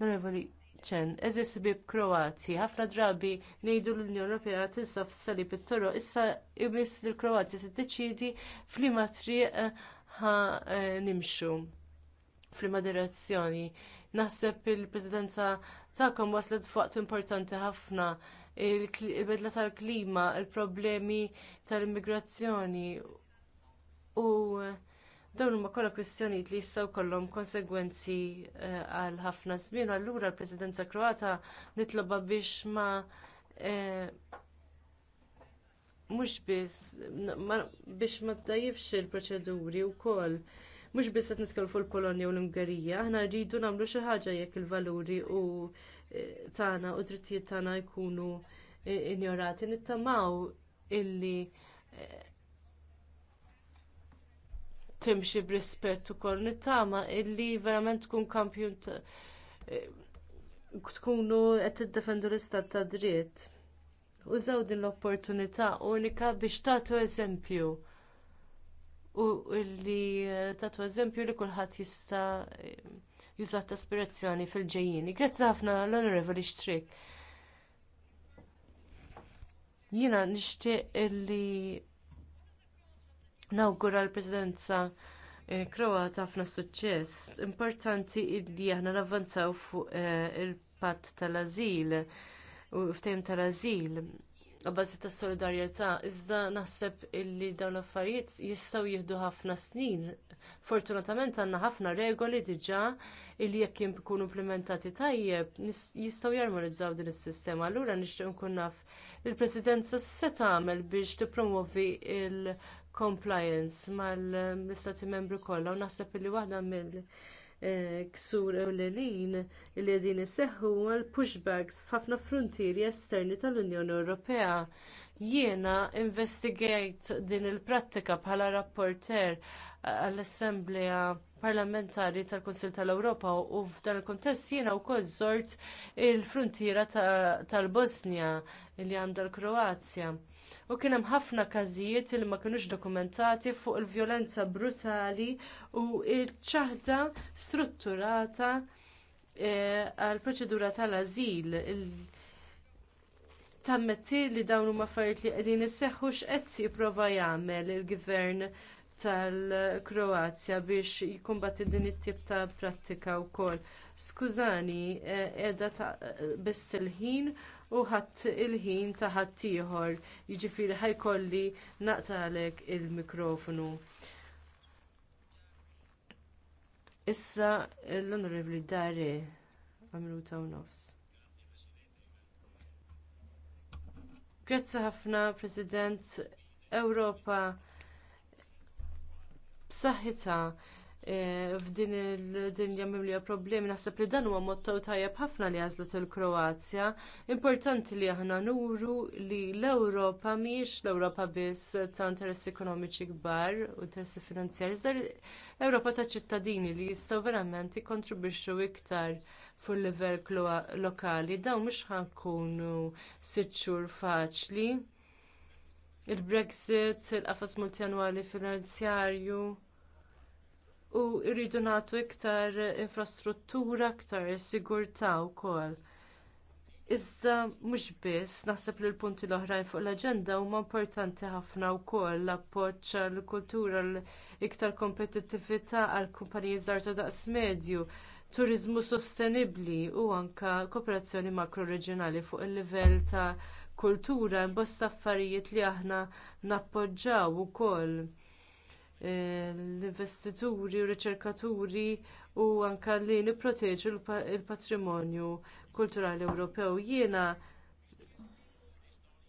Onorevoli ċen, eżis bib Kroati, ħafna drabi ngħidu l-Unjoni Ewropea tinsa fis-salib it-toro, issa imiss li l-Kroati tiddeċiedi f'liema triq eh, ħa eh, nimxu fl-ma direzzjoni. Naħseb il-Presidenza tagħkom waslet fuqt importanti ħafna il-bidla tal-klima, il-problemi tal-immigrazzjoni u dawn huma kollha kwistjonijiet li jistgħu jkollhom konsegwenzi eh, għal ħafna żmien, allura l-Presidenza Kroata nitloba biex ma eh, mhux biss biex ma tdajjifx il-proċeduri wkoll mhux biss qed nitkellmu fuq il-Polonja u l-Ungerija, aħna rridu nagħmlu xi ħaġa jekk il-valuri u e, tagħna u drittijiet tagħna jkunu e, injorati. Nittamaw illi e, timxi b'rispett ukoll nittama illi verament tkun kampjun tkunu qed tiddefendu l-istat ta' dritt. Użaw din l-opportunità unika biex tagħtu eżempju u li eh, tatu eżempju li kulħadd jista eh, jużat ta' aspirazzjoni fil-ġejjini. Grazzi ħafna l-Onorevoli Xtrik. Jiena nixtieq li nawgura l-Presidenza eh, Kroata ħafna suċċess. Importanti li aħna navvanzaw fuq il-patt tal-azil u ftehim tal-azil għabbażi ta' solidarjetà, iżda naħseb illi dawn l-affarijiet jistgħu jieħdu ħafna snin. Fortunatament għandna ħafna regoli diġà illi jekk jkunu implementati tajjeb jistgħu jarmonizzaw din is-sistema. Allura nixtieq nkun naf il president se tagħmel biex tippromovi l compliance mal istati membri kollha u naħseb illi waħda mill- Eh, ksur l-elin li din iseħħu għal l-pushbacks f'ħafna frontieri esterni tal-Unjoni Ewropea. Jiena investigajt din il-prattika bħala rapporter għall-Assembleja parlamentari tal-Konsil tal-Ewropa u f'dan il-kontest jiena wkoll żort il-frontiera tal bosnia li għandha l-Kroazja u kien hemm ħafna każijiet li ma kinux dokumentati fuq il-vjolenza brutali u l-ċaħda strutturata e, għall proċedura tal-ażil tammetti li dawn huma affarijiet li qegħdin isseħħu x'qed jipprova jagħmel il-gvern tal-Kroazja biex jikkumbatti din it-tip ta' prattika wkoll. Skużani, e, qiegħda e, biss il-ħin u ħadd il-ħin ta' ħadd ieħor. Jiġifieri ħajkolli naqtalek il-mikrofonu. Issa l-Onorevoli Dare għamlu ta' nofs. Grazzi ħafna, President Ewropa b'saħħitha E, f'din il-dinja mimlija problemi naħseb li dan huwa motto tajjeb ħafna li għażlet il-Kroazja. Importanti li aħna nuru li l-Ewropa mhijiex l-Ewropa biss ta' interessi ekonomiċi kbar u interessi finanzjari, iżda ewropa ta' ċittadini li jistgħu verament jikkontribwixxu iktar fuq il livell lokali dawn mhux ħankunu sitt xhur faċli. Il-Brexit, il-qafas multjanwali finanzjarju, u rridu nagħtu iktar infrastruttura, iktar sigurtà wkoll. Iżda mhux biss naħseb li l-punti l-oħrajn fuq l-aġenda huma importanti ħafna wkoll l-appoġġ għall kultura l-iktar kompetittività għall kumpaniji żgħar ta' daqs medju, turiżmu sostenibbli u anke kooperazzjoni makroreġjonali fuq il-livell ta' kultura imbosta affarijiet li aħna nappoġġaw ukoll l-investituri u riċerkaturi u anke li nipproteġu l-patrimonju kulturali Ewropew. Jiena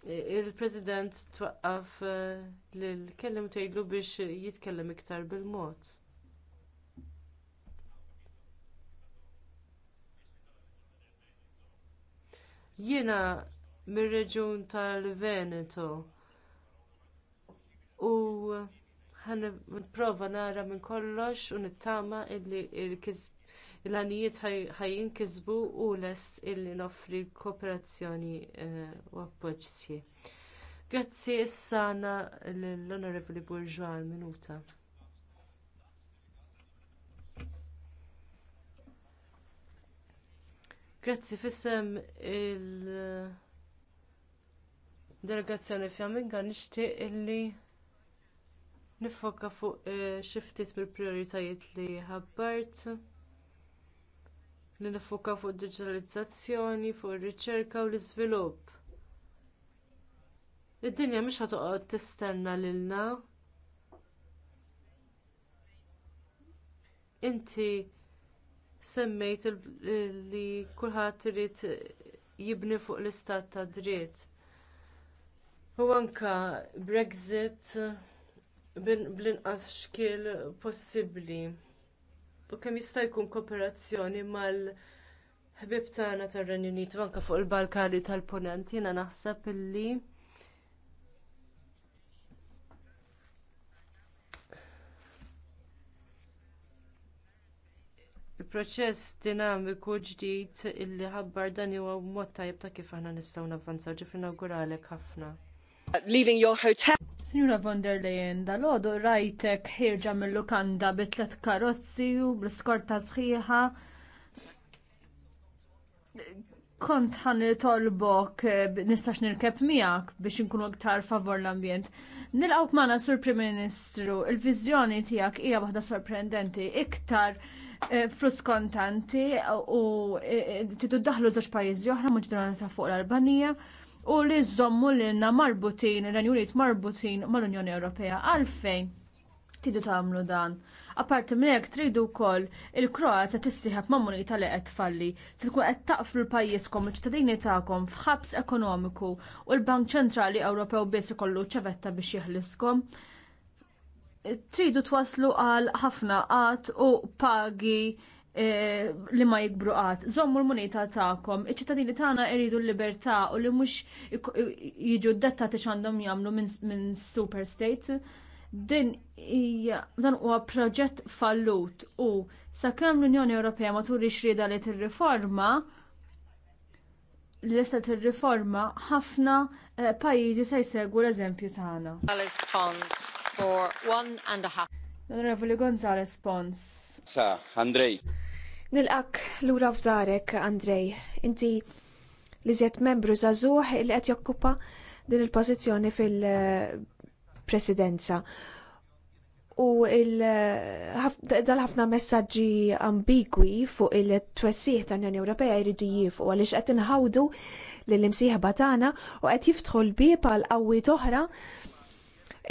eh, il-President twaqqaf eh, lil kellim tgħidlu biex jitkellem iktar bil-mod. Jiena mir-reġjun tal-Veneto u ħan prova nara minn kollox u nittama illi l-għanijiet ħajjin kizbu u lest illi noffri kooperazzjoni eh, u appoġġi. Grazzi Grazzi sana l-Onorevoli Bourgeois minuta. Grazzi fissem il-delegazzjoni eh, fjaminga nixtieq illi nifoka fuq eh, xi ftit mill-prijoritajiet li ħabbart li nifoka fuq id digitalizzazzjoni, fuq ir-riċerka u l-iżvilupp. Id-dinja mhix ħatoqgħod tistenna lilna. Inti semmejt li kulħadd irid jibni fuq l-istat ta' dritt. U anke Brexit bl-inqas xkiel possibbli. U kemm jista' jkun kooperazzjoni mal-ħbib tagħna tar-Renju Unit anke fuq il-Balkani tal-Punent jiena naħseb illi il-proċess dinamiku ġdid illi ħabbar dan huwa mod tajjeb ta' kif aħna nistgħu navvanzaw ġifri nawguralek ħafna. Signora von der Leyen, dal-ħodu rajtek ħirġa mill-lukanda bitlet karozzi u bl-skorta sħiħa. Kont ħan tolbok eh, nistax nirkeb miegħek biex inkunu aktar favor l-ambjent. Nilqawk mana sur Prim Ministru, il-viżjoni tiegħek hija waħda sorprendenti iktar eh, flus kontanti u eh, titu daħlu żewġ pajjiżi oħra maġdorana ta' fuq l-Albanija u li li lilna marbutin, il-Renjulit marbutin mal-Unjoni Ewropea. Għalfejn tridu tagħmlu dan. Apparti minn hekk tridu wkoll il-Kroazja tissieħab ma' munita li qed tfalli. Se tkun qed taqflu pajjiżkom iċ-ċittadini tagħkom f'ħabs ekonomiku u l-Bank Ċentrali Ewropew biss ikollu ċevetta biex jeħliskom. Tridu twaslu għal ħafna qatt u pagi Eh, li ma jikbru għat. Zommu l-munita ta'kom, iċ-ċittadini tagħna iridu l-libertà u li mhux jiġu detta għandhom jagħmlu minn super state. Din hija dan huwa proġett fallut u sakemm l-Unjoni Ewropea ma turi xrieda li tir-riforma li lesta tir-riforma ħafna eh, pajjiżi se jsegwu l-eżempju tagħna. Onorevoli Gonzales Pons. Sa, Andrej. Nilqak lura f'darek, Andrej, inti li zjed membru zazuħ li qed jokkupa din il-pożizzjoni fil-presidenza. U dal-ħafna messaġġi ambigwi fuq il-twessih ta' Unjoni Ewropea jridu jifqu għaliex qed inħawdu lill-imsieħba tagħna u qed jiftħu l-bieb għal qawwi oħra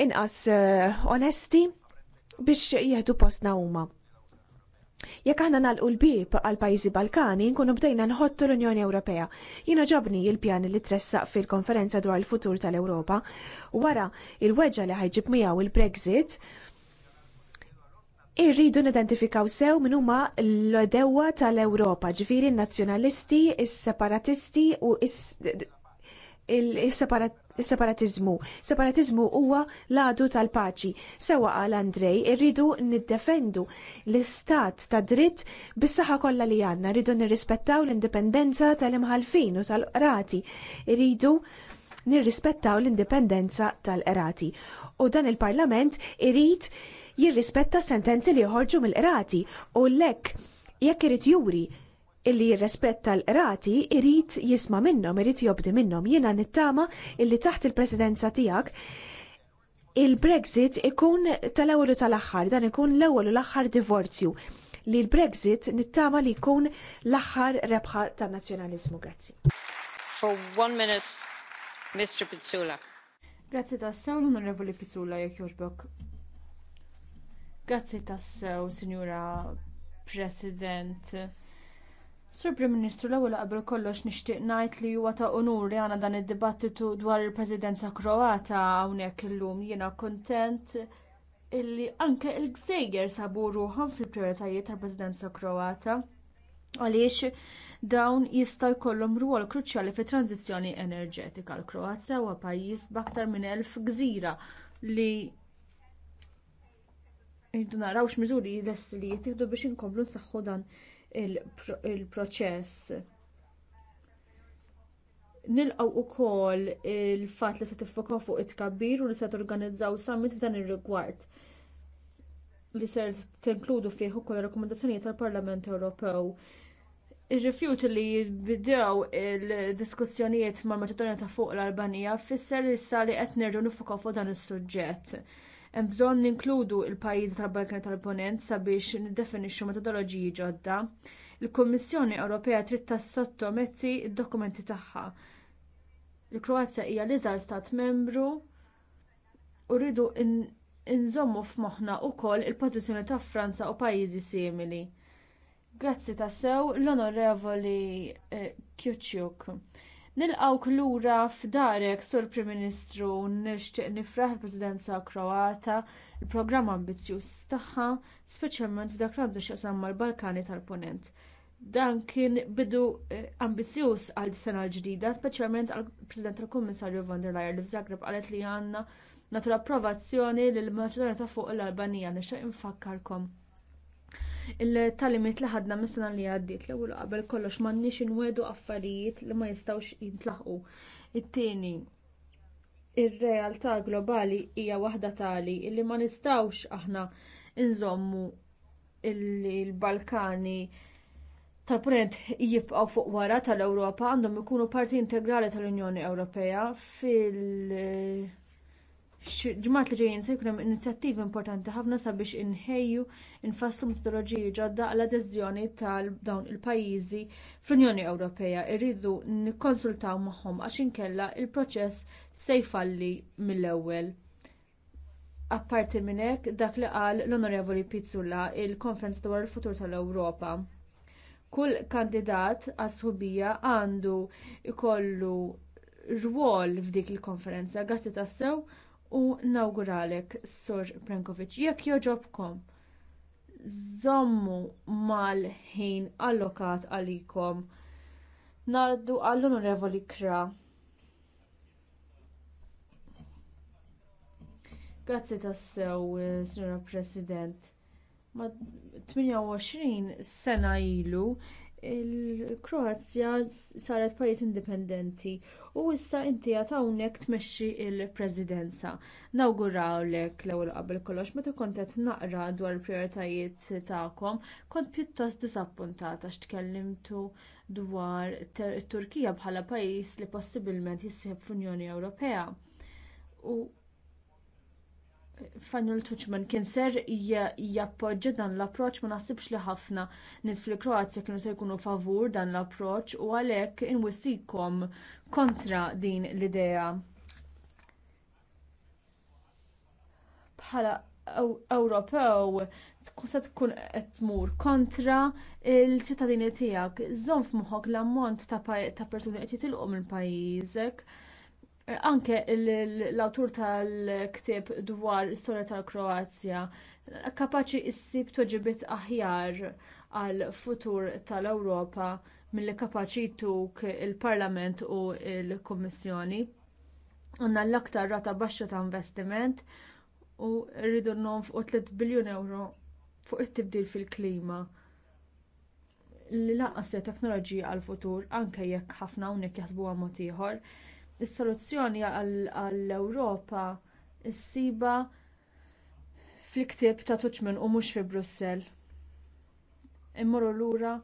inqas eh, onesti biex jieħdu postna huma. Jekk aħna nagħlqu l-bib għal pajjiżi Balkani, nkunu bdejna nħottu l-Unjoni Ewropea. Jiena ġabni il-pjan li tressaq fil-konferenza dwar il-futur tal-Ewropa. Wara il-weġġa li ħajġib miegħu il-Brexit, Irridu nidentifikaw sew min huma l-dewa tal-Ewropa, ġifiri n-nazzjonalisti, is-separatisti u is il-separatizmu. Separatizmu huwa l-għadu tal-paċi. Sewa għal Andrej, irridu niddefendu l-istat ta' dritt bis-saħħa kollha li għandna, rridu nirrispettaw l-indipendenza tal-imħalfin u tal-qrati, irridu nirrispettaw l-indipendenza tal-qrati. U dan il-Parlament irid jirrispetta sentenzi li joħorġu mill-qrati u l-lek jekk irid juri illi jirrespetta l-qrati irrit jisma minnom, irrit jobdi minnom. Jiena nittama illi taħt il-presidenza tijak il-Brexit ikun tal-ewwel u tal-aħħar, dan ikun l-ewwel u l-aħħar divorzju li l-Brexit nittama li jkun l-aħħar rebħa tan-nazzjonaliżmu. Grazzi. For one minute, Mr. Pizzula. Grazzi sew, l-Onorevoli Pizzula jekk joġbok. Grazzi sew, Signora President Sur Prim Ministru l-ewwel qabel kollox nixtieq ngħid li huwa ta' onur li għandna dan id-dibattitu dwar il-Presidenza Kroata hawnhekk illum jiena kuntent illi anke l-Gżejjer sabu ruħhom fil-prijoritajiet tal-Presidenza Kroata għaliex dawn jista' jkollhom rwol kruċjali fit-tranzizzjoni enerġetika. L-Kroazja huwa pajjiż b'aktar minn elf gżira li naraw narawx miżuri l-essilijiet jieħdu biex inkomplu nsaħħu dan il-proċess. Nilqaw koll il-fatt li se tiffokaw fuq it kabbir u li se torganizzaw summit f'dan ir-rigward li ser tinkludu fih ukoll rakkomandazzjonijiet tal-Parlament Ewropew. Ir-rifjut li jibdew il-diskussjonijiet mal Maċedonja ta' fuq l-Albanija fisser issa li qed nerġgħu nifokaw fuq dan is-suġġett Hemm bżonn ninkludu il-pajjiżi tal-Balkan tal-Ponent sabiex niddefinixxu metodoloġiji ġodda. Il-Kummissjoni Ewropea trid tassottometti d-dokumenti tagħha. Il-Kroazja hija l-iżgħar stat membru u rridu inżommu f'moħħna wkoll il-pożizzjoni ta' Franza u pajjiżi simili. Grazzi tassew l-Onorevoli eh, Kjuċjuk. Nilqawk lura f'darek, Sur Prim Ministru, nixtieq nifraħ il-Presidenza Kroata, il-programm ambizzjuż tagħha, speċjalment f'dak li għandu x'jaqsam mal-Balkani tal-Punent. Dan kien bidu eh, ambizzjuż għal sena l-ġdida, speċjalment għall President tal-Kummissarju von der Leyen li f'Zagreb qalet li għandna natu l-approvazzjoni lill maċedonja ta' fuq l-Albanija nixtieq infakkarkom il-talimit li ħadna mis-sena li għaddiet l-ewwel qabel kollox m'għandniex inwedu affarijiet li ma jistgħux jintlaħqu. It-tieni ir-realtà globali hija waħda tali li ma nistgħux aħna inżommu il-Balkani tal-punent jibqgħu fuq wara tal-Ewropa għandhom ikunu parti integrali tal-Unjoni Ewropea fil- ġmat li ġejjin se jkun hemm inizjattivi importanti ħafna sabiex inħejju infasslu metodoloġiji ġodda għal adeżjoni tal dawn il-pajjiżi fl-Unjoni Ewropea irridu nikkonsultaw magħhom għax inkella il-proċess se jfalli mill-ewwel. Apparti minn hekk dak li qal l-Onorevoli Pizzula il-Konferenza dwar il-Futur tal-Ewropa. Kull kandidat għas-subija għandu ikollu rwol f'dik il-konferenza, grazzi tassew u nawguralek Sur Prankovic. Jekk joġobkom, żommu mal-ħin allokat għalikom. Naddu għall-onorevoli Kra. Grazzi tassew, eh, Sra. President. Ma 28 sena ilu il-Kroazja saret pajjiż indipendenti u issa inti hawnhekk tmexxi l presidenza Nawgurawlek l-ewwel qabel kollox meta kont qed naqra dwar il-prijoritajiet tagħkom kont pjuttost disappuntata x'tkellimtu dwar it-Turkija bħala pajjiż li possibilment jissieħeb f'Unjoni unjoni Ewropea. U Fanul Tuċman kien ser jappoġġa dan l-approċ ma naħsibx li ħafna nis fil-Kroazja kienu se jkunu favur dan l-approċ u għalhekk inwissikom kontra din l-idea. Bħala Ewropew se tkun qed tmur kontra il-ċittadini tiegħek. Żomm f'moħħok l-ammont ta' persuni qed jitilqu mill pajjiżek Anke l-autur tal-ktib dwar istorja tal-Kroazja kapaċi issib toġibit aħjar għal futur tal-Ewropa mill-li kapaċi tuk il-Parlament u il-Kommissjoni. Għanna l-aktar rata baxxa ta' investiment u rridu nonfqu 3 biljun euro fuq it-tibdil fil-klima li laqqas teknoloġija għal futur anke jekk ħafna hawnhekk jaħsbuha mod ieħor Is-soluzzjoni għall-Ewropa issiba fl-ktieb ta' Tuċmin u mhux fi Brussell. Immorru lura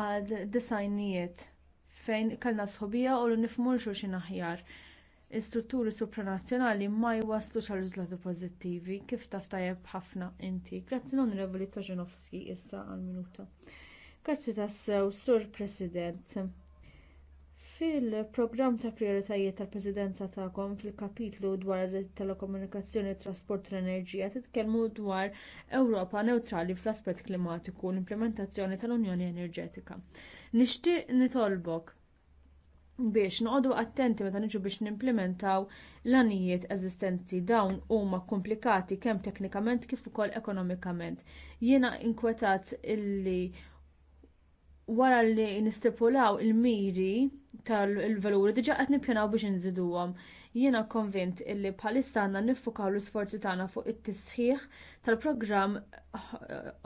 għal disajnijiet fejn kellna sħobija u nifhmu xulxin aħjar. Istrutturi supranazzjonali ma jwasslux għal riżultati pożittivi kif taf tajjeb ħafna inti. Grazzi l Revoli Toġenowski issa għal minuta. Grazzi tassew, Sur President. Fil-programm ta' prioritajiet tal-Presidenza tagħkom fil-kapitlu dwar telekomunikazzjoni, trasport u l-enerġija titkellmu dwar Ewropa neutrali fl-aspett klimatiku u l-implementazzjoni tal-Unjoni Enerġetika. Nixtieq nitolbok biex noqogħdu attenti meta niġu biex nimplementaw l-anijiet eżistenti dawn huma komplikati kemm teknikament kif ukoll ekonomikament. Jiena inkwetat illi wara li nistipulaw il-miri tal-valuri diġa qed nippjanaw biex inżiduhom. Jiena konvint illi bħalissa għandna l-isforzi tagħna fuq it-tisħiħ tal-programm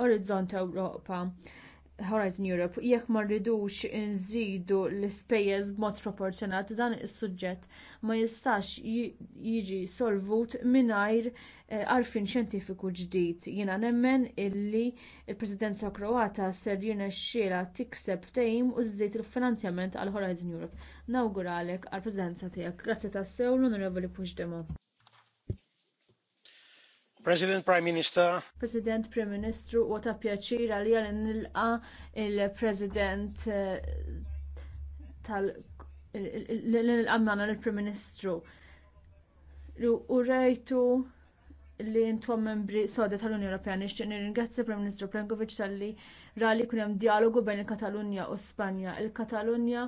Horizon Ewropa. Horizon Europe, jekk ma rridux nżidu l-ispejjeż b'mod sproporzjonat dan is-suġġett ma jistax jiġi solvut mingħajr Eh, għarfin xjentifiku ġdid. Jiena nemmen illi l presidenza Kroata ser jirnexxiela tikseb ftehim u żżid il-finanzjament għal Horizon Europe. Nawguralek għall presidenza tiegħek. Grazzi tassew l-Onorevoli Puigdemont. President Prime Minister. President Prime Ministru u ta' pjaċir għal li nilqa il-President eh, tal l-qammana l-Prim Ministru. U rajtu li jintom membri sodi tal-Unjoni Ewropea nixtieq nirringrazzja Prim Ministru Plenkovic talli rali jkun hemm dialogu bejn il-Katalunja u Spanja. Il-Katalunja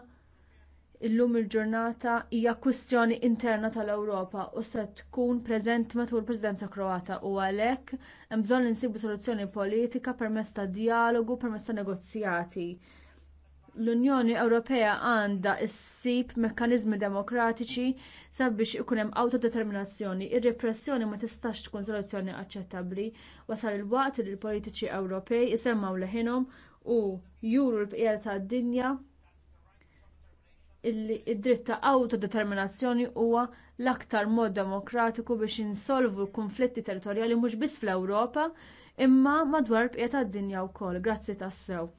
illum il-ġurnata hija kwistjoni interna tal-Ewropa u se tkun preżenti matul il Presidenza Kroata u għalhekk hemm bżonn insibu soluzzjoni politika permezz ta' dialogu permezz ta' negozjati l-Unjoni Ewropea għandha ssib mekkaniżmi demokratiċi sabiex ikun hemm autodeterminazzjoni. Ir-repressjoni ma tistax tkun soluzzjoni aċċettabbli wasal il-waqt li l-politiċi Ewropej isemmaw leħinhom u juru l-bqija tad-dinja id-dritt ta' autodeterminazzjoni huwa l-aktar mod demokratiku biex insolvu l-konflitti territorjali mhux biss fl-Ewropa imma madwar bqiegħed tad-dinja wkoll. Grazzi tassew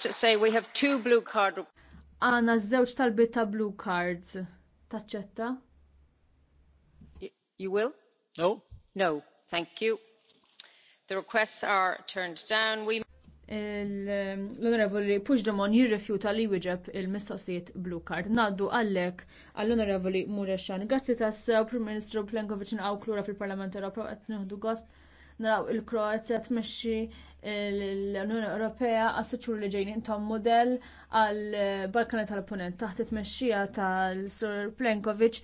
to say we have two blue card. żewġ talbiet ta' blue cards. Taċċetta? You will? No. No, thank you. The requests are turned down. We um, l-Onorevoli Puigdemont jirrifjuta li wieġeb il-mistoqsijiet blue card. Naddu għallek għall-Onorevoli Murexan. Grazzi tassew Prim Ministru Plenkovic nqaw klura fil-Parlament Ewropew qed nieħdu gost naraw il-Kroazja tmexxi l-Unjoni Ewropea għas li ġejjin intom model għall balkani tal-Punent taħt it mexxija tal-Sur Plenkovic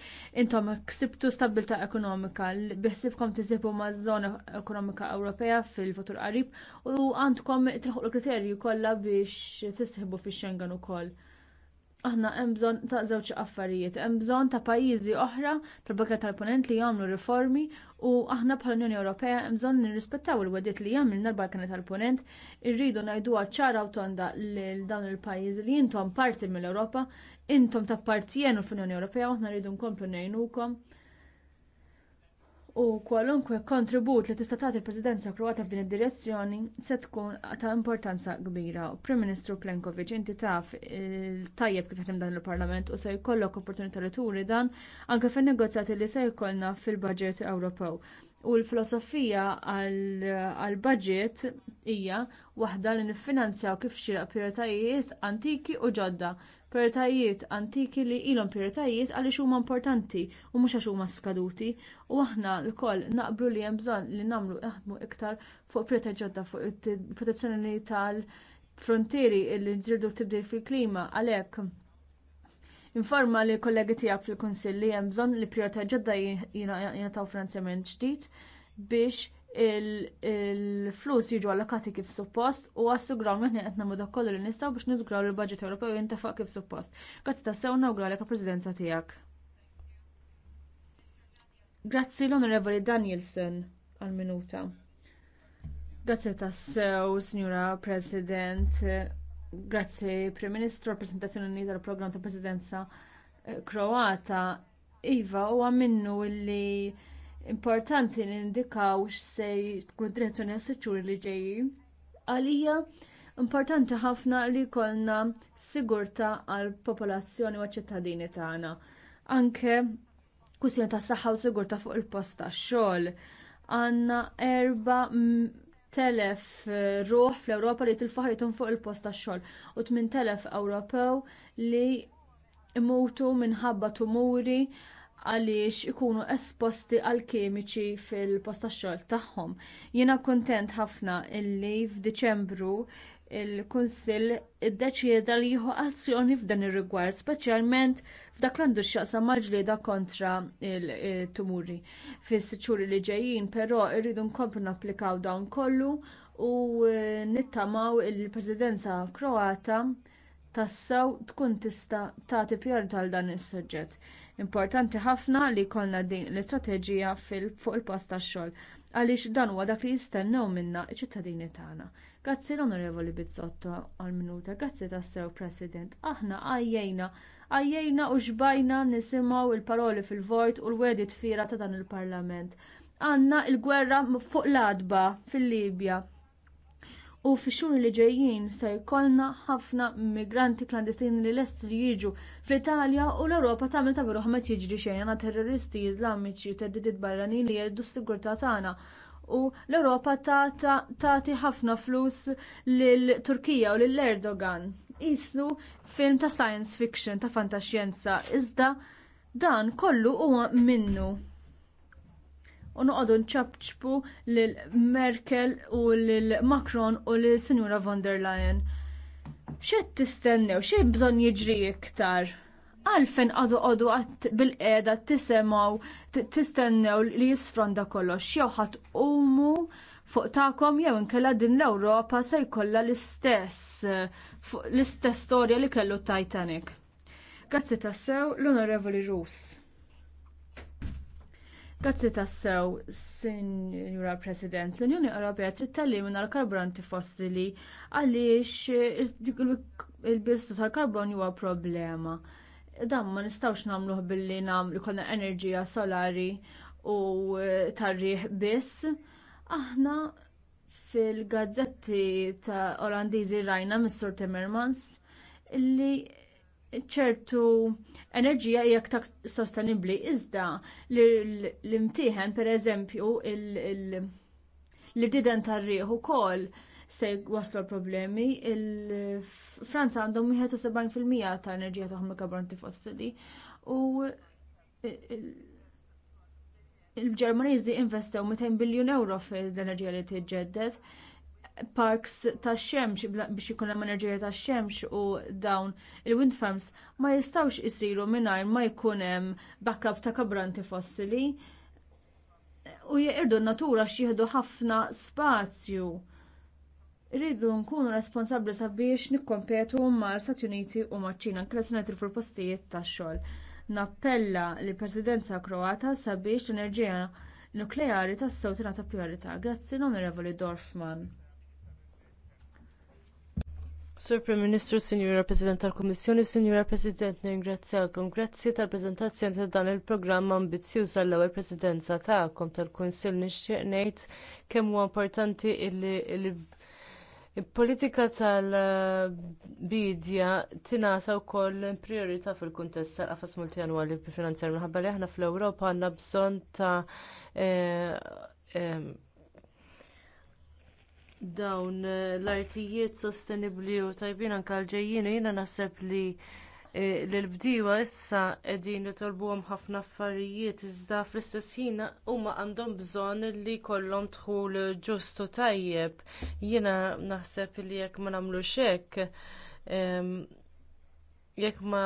intom ksibtu stabilta ekonomika li biħsibkom tiżibu maż-żona ekonomika Ewropea fil-futur qarib u għandkom tilħuq l-kriterju kollha biex tisħibu fix-Schengen ukoll aħna hemm bżonn ta' żewġ affarijiet, hemm bżonn ta' pajjiżi oħra tal-Balkan tal-Punent li jagħmlu riformi u aħna bħal Unjoni Ewropea hemm bżonn nirrispettaw il-wediet li jagħmilna l-Balkan tal-Punent, irridu ngħiduha ċara u tonda lil dawn il-pajjiżi li intom parti mill-Ewropa, intom tappartjenu fl-Unjoni Ewropea u aħna rridu nkomplu ngħinukom u kwalunkwe kontribut li tista' tagħti l-Presidenza Kroata f'din id-direzzjoni se tkun ta' importanza kbira. Prim Ministru Plenkovic inti taf eh, tajjeb kif jaħdem dan il-Parlament u se jkollok opportunità li turi dan anke fin-negozjati li se jkollna fil budget Ewropew. U l-filosofija għall-budget hija waħda li niffinanzjaw kif xiraq prioritajiet antiki u ġodda. Prioritajiet antiki li ilhom prioritajiet għaliex huma importanti u mhux għax huma skaduti. U aħna lkoll naqblu li hemm bżonn li nagħmlu aħdmu iktar fuq prioritajiet ġodda fuq il-protezzjoni tal-frontieri li ġildu tibdil fil-klima għalhekk Informa li kollegi tiegħek fil-Kunsill li hemm bżonn li priorità ġodda jingħataw finanzjament ġdid biex il-flus jiġu allokati kif suppost u assugraw meħni qed nagħmlu kollu li nistgħu biex niżgraw li l-budget Ewropew jintefaq kif suppost. Grazzi ta' sew l il-Presidenza tiegħek. Grazzi l-Onorevoli Danielson għal-minuta. Grazzi ta' sew, Signora President. Grazzi, Prim Ministru, prezentazzjoni tal-programm ta' presidenza eh, Kroata. Iva, huwa minnu li importanti nindikaw x-sej tkun direzzjoni għas-siċur li ġeji. Għalija importanti ħafna li jkollna sigurtà għall popolazzjoni u ċittadini tagħna. Anke kusjoni ta' saħħa u sigurta fuq il-post tax-xogħol. Għandna erba' telef ruħ fl-Ewropa li tilfu fuq il-post tax-xogħol u 8000 Ewropew li imutu minħabba tumuri għaliex ikunu esposti għal kemiċi fil posta xogħol tagħhom. Jiena kuntent ħafna illi f'Diċembru il-Kunsill iddeċieda li jieħu azzjoni f'dan ir-rigward, speċjalment f'dak l-għandu x-xaqsa maġlieda kontra il-tumuri. Fis-siċuri li ġejjin, però rridu nkomplu napplikaw dawn kollu u eh, nittamaw il-Presidenza Kroata tassew tkun tista' tagħti priorità għal dan is-suġġett. Importanti ħafna li jkollna din l-istrateġija fuq il-post tax-xogħol għaliex dan huwa dak li jistennew minna ċ-ċittadini tagħna. Grazzi l-Onorevoli Bizzotto għal-minuta, grazzi tassew President. Aħna għajjejna, għajjejna u xbajna nisimgħu l paroli fil-vojt u l-wedi tfira ta' dan il-Parlament. Għanna il-gwerra fuq l-adba fil-Libja u fix-xhur li ġejjin se jkollna ħafna migranti klandestini li lest li jiġu fl-Italja u l-Ewropa tagħmel ta' biruħ ma tiġri xejn għandha terroristi iżlamiċi u teddidiet barranin li jgħidu s-sigurtà tagħna. U l-Ewropa tagħti ħafna flus lil Turkija u lill Erdogan. isnu film ta' science fiction ta' fantaxjenza iżda dan kollu huwa minnu u noqogħdu nċabċbu lil Merkel u lil Macron u lil Sinjura von der Leyen. Xed tistennew, xie bżonn jiġri iktar? Għalfen għadu għadu għat bil-qeda tisemaw, tistennew li jisfronda kollox, jew ħat umu fuq tagħkom jew inkella din l-Ewropa se jkollha l-istess l-istess storja li kellu Titanic. Grazzi tassew l-Onorevoli Rus. Grazzi tassew, Sinjura President, l-Unjoni Ewropea trid talli minn l-karburanti fossili għaliex il-bistu tal-karbon huwa problema. Dan ma nistgħux nagħmluh billi nagħmlu kollha enerġija solari u eh, tarriħ biss. Aħna fil-gazzetti ta' Olandiżi rajna Sur Timmermans illi ċertu enerġija hija ktar sostenibbli iżda l-imtieħen pereżempju l-diden tar-rieħ ukoll se waslu problemi il-Franza għandhom 71% ta' enerġija tagħhom karburanti fossili u il-Ġermaniżi investew 200 biljun euro fil-enerġija li tiġġedded parks tax xemx biex ikun hemm enerġija tax xemx u dawn il-wind farms ma jistgħux isiru mingħajr ma jkun hemm backup ta' kabranti fossili u jirdu n-natura x'jieħdu ħafna spazju. Rridu nkunu responsabbli sabiex nikkompetu mal Stati Uniti u maċ-Ċina nkella se nitilfu l-postijiet tax-xogħol. Nappella lill presidenza Kroata sabiex l-enerġija nukleari tas-sew tingħata priorità. Grazzi l-Onorevoli Dorfman. Sur Prim Ministru, Signora President tal-Kummissjoni, Signora President, ningrazzjakom. Grazzi tal-prezentazzjoni ta' dan il-programm ambizzjuż għall ewwel presidenza tagħkom tal-Kunsill nixtieq ngħid kemm huwa importanti li il-politika tal-bidja tingħata wkoll priorità fil-kuntest tal-qafas multianwali finanzjar minħabba li aħna fl-Ewropa għandna bżonn ta' eh, eh, dawn eh, l-artijiet sostenibbli u tajbin anke għal-ġejjin jiena naħseb li eh, l-bdiewa issa qegħdin għom ħafna affarijiet iżda fl-istess ħin huma għandhom bżonn li jkollhom tħul ġustu tajjeb. Jiena naħseb li jekk ma nagħmlux hekk jekk ma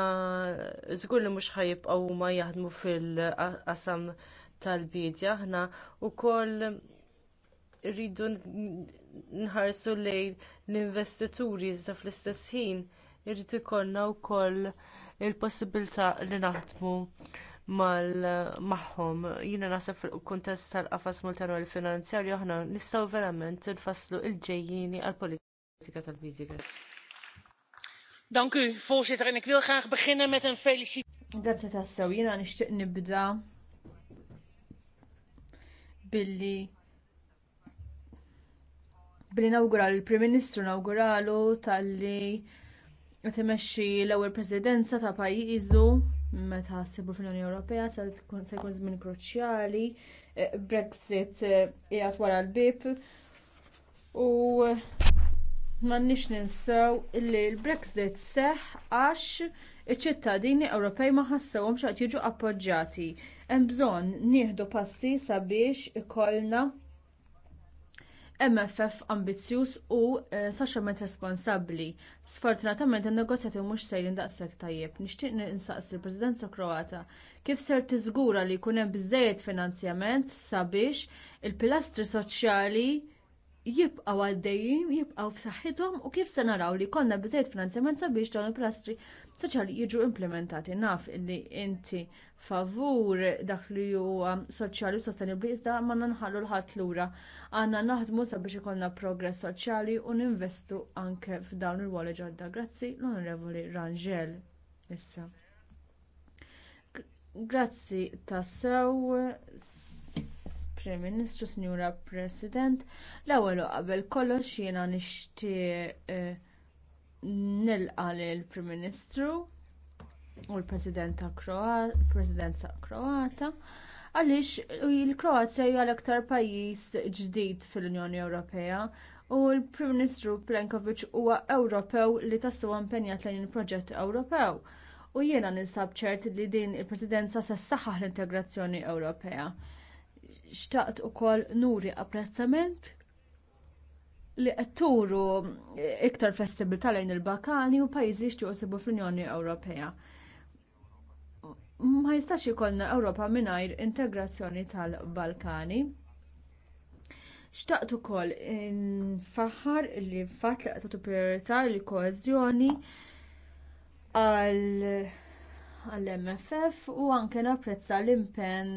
zgur li mhux għaw huma jaħdmu fil-qasam tal-bidja aħna wkoll rridu nħarsu lejn l-investituri iżda fl-istess ħin irid ikollna wkoll il-possibilità li naħdmu mal magħhom. Jiena naħseb fil-kuntest tal-qafas multanwali finanzjarju aħna nistgħu verament nfasslu l ġejjini għall politika tal bidi Dank u, voorzitter, en ik wil graag beginnen met een felicitatie. Grazie tassew, jiena nixtieq nibda billi bli inaugural il prim Ministru nawguralu tal-li timexxi l-ewwel presidenza ta' pajjiżu meta s-sibu fl-Unjoni Ewropea se jkun żmien kruċjali, eh, Brexit qiegħed eh, wara l-bib u m'għandniex ninsew li l-Brexit seħħ għax iċ-ċittadini Ewropej ma ħassewhom x'qed jiġu appoġġjati. Hemm bżonn nieħdu passi sabiex ikollna MFF ambizzjuż u eh, soċjalment responsabbli. Sfortunatament n negozjati mhux sejrin daqshekk tajjeb. Nixtieq insaqs il presidenza Kroata kif ser tiżgura li jkun hemm biżżejjed finanzjament sabiex il-pilastri soċjali jibqgħu għaddejjin, jibqgħu f'saħħithom u kif se naraw li jkollna biżżejjed finanzjament sabiex dawn il-pilastri soċjali jiġu implementati. Naf illi inti favur dak li huwa soċjali u sostenibli iżda ma nħallu l-ħadd lura. Għandna naħdmu sabiex ikollna progress soċjali u ninvestu anke f'dawn il ruoli ġodda. Grazzi l-Onorevoli Rangel. Issa. Grazzi tassew Prim Ministru, Signora President, l-ewwel qabel kollox jiena nixtieq eh, nilqa lill-Prim Ministru u l-Presidenta Presidenza Kroata għaliex il-Kroazja hija l-aktar pajjiż ġdid fil-Unjoni Ewropea u l-Prim Ministru Plenkovic huwa Ewropew li tassu impenjat lejn il-proġett Ewropew u jiena ninsab ċert li din il-presidenza se saħħaħ l-integrazzjoni Ewropea. Xtaqt ukoll nuri apprezzament li qed turu iktar flessibilità lejn il-Balkani u pajjiżi xtiequ sibu fl-Unjoni Ewropea ma jistax ikollna Ewropa mingħajr integrazzjoni tal-Balkani. Xtaqt ukoll infaħħar li fatt li qtatu priorità li koeżjoni għall-MFF u anke napprezza l-impenn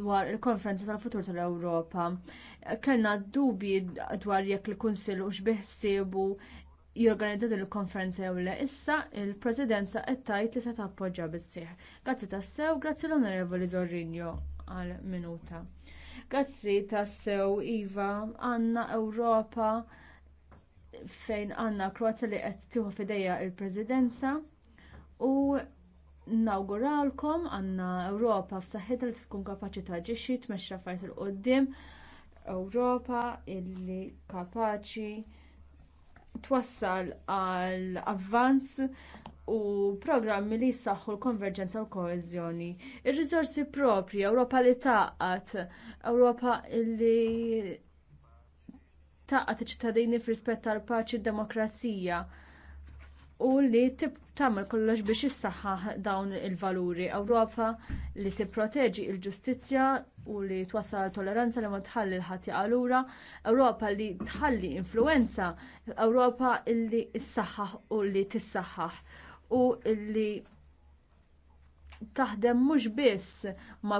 dwar il-konferenza tal-futur tal-Ewropa. Kellna dubji dwar jekk il-Kunsill u xbiħsibu jorganizzat il-konferenza jew le issa il-Presidenza qed tgħid li se tappoġġja bissieħ. Grazzi tassew, grazzi l-Onorevoli Zorrinjo għal minuta. Grazzi tassew Iva għandna Ewropa fejn għandna Kroazja li qed tieħu fidejja l presidenza u nawguralkom għandna Ewropa f'saħħitha li tkun kapaċi ġixi tmexxa affarijiet il qudiem Ewropa illi kapaċi twassal għal avvanz u programmi li jissaħħu l-konverġenza u koezjoni. koeżjoni Ir-riżorsi propri, Ewropa li taqqat, Ewropa li taqqat iċ-ċittadini f'rispett tal paċi d-demokrazija u li tagħmel kollox biex issaħħaħ dawn il-valuri. Ewropa li tipproteġi l ġustizzja u li twassal toleranza li ma tħalli l-ħati għalura, Ewropa li tħalli influenza, Ewropa li s saxħaħ u li tissaħħaħ u li taħdem mhux biss ma'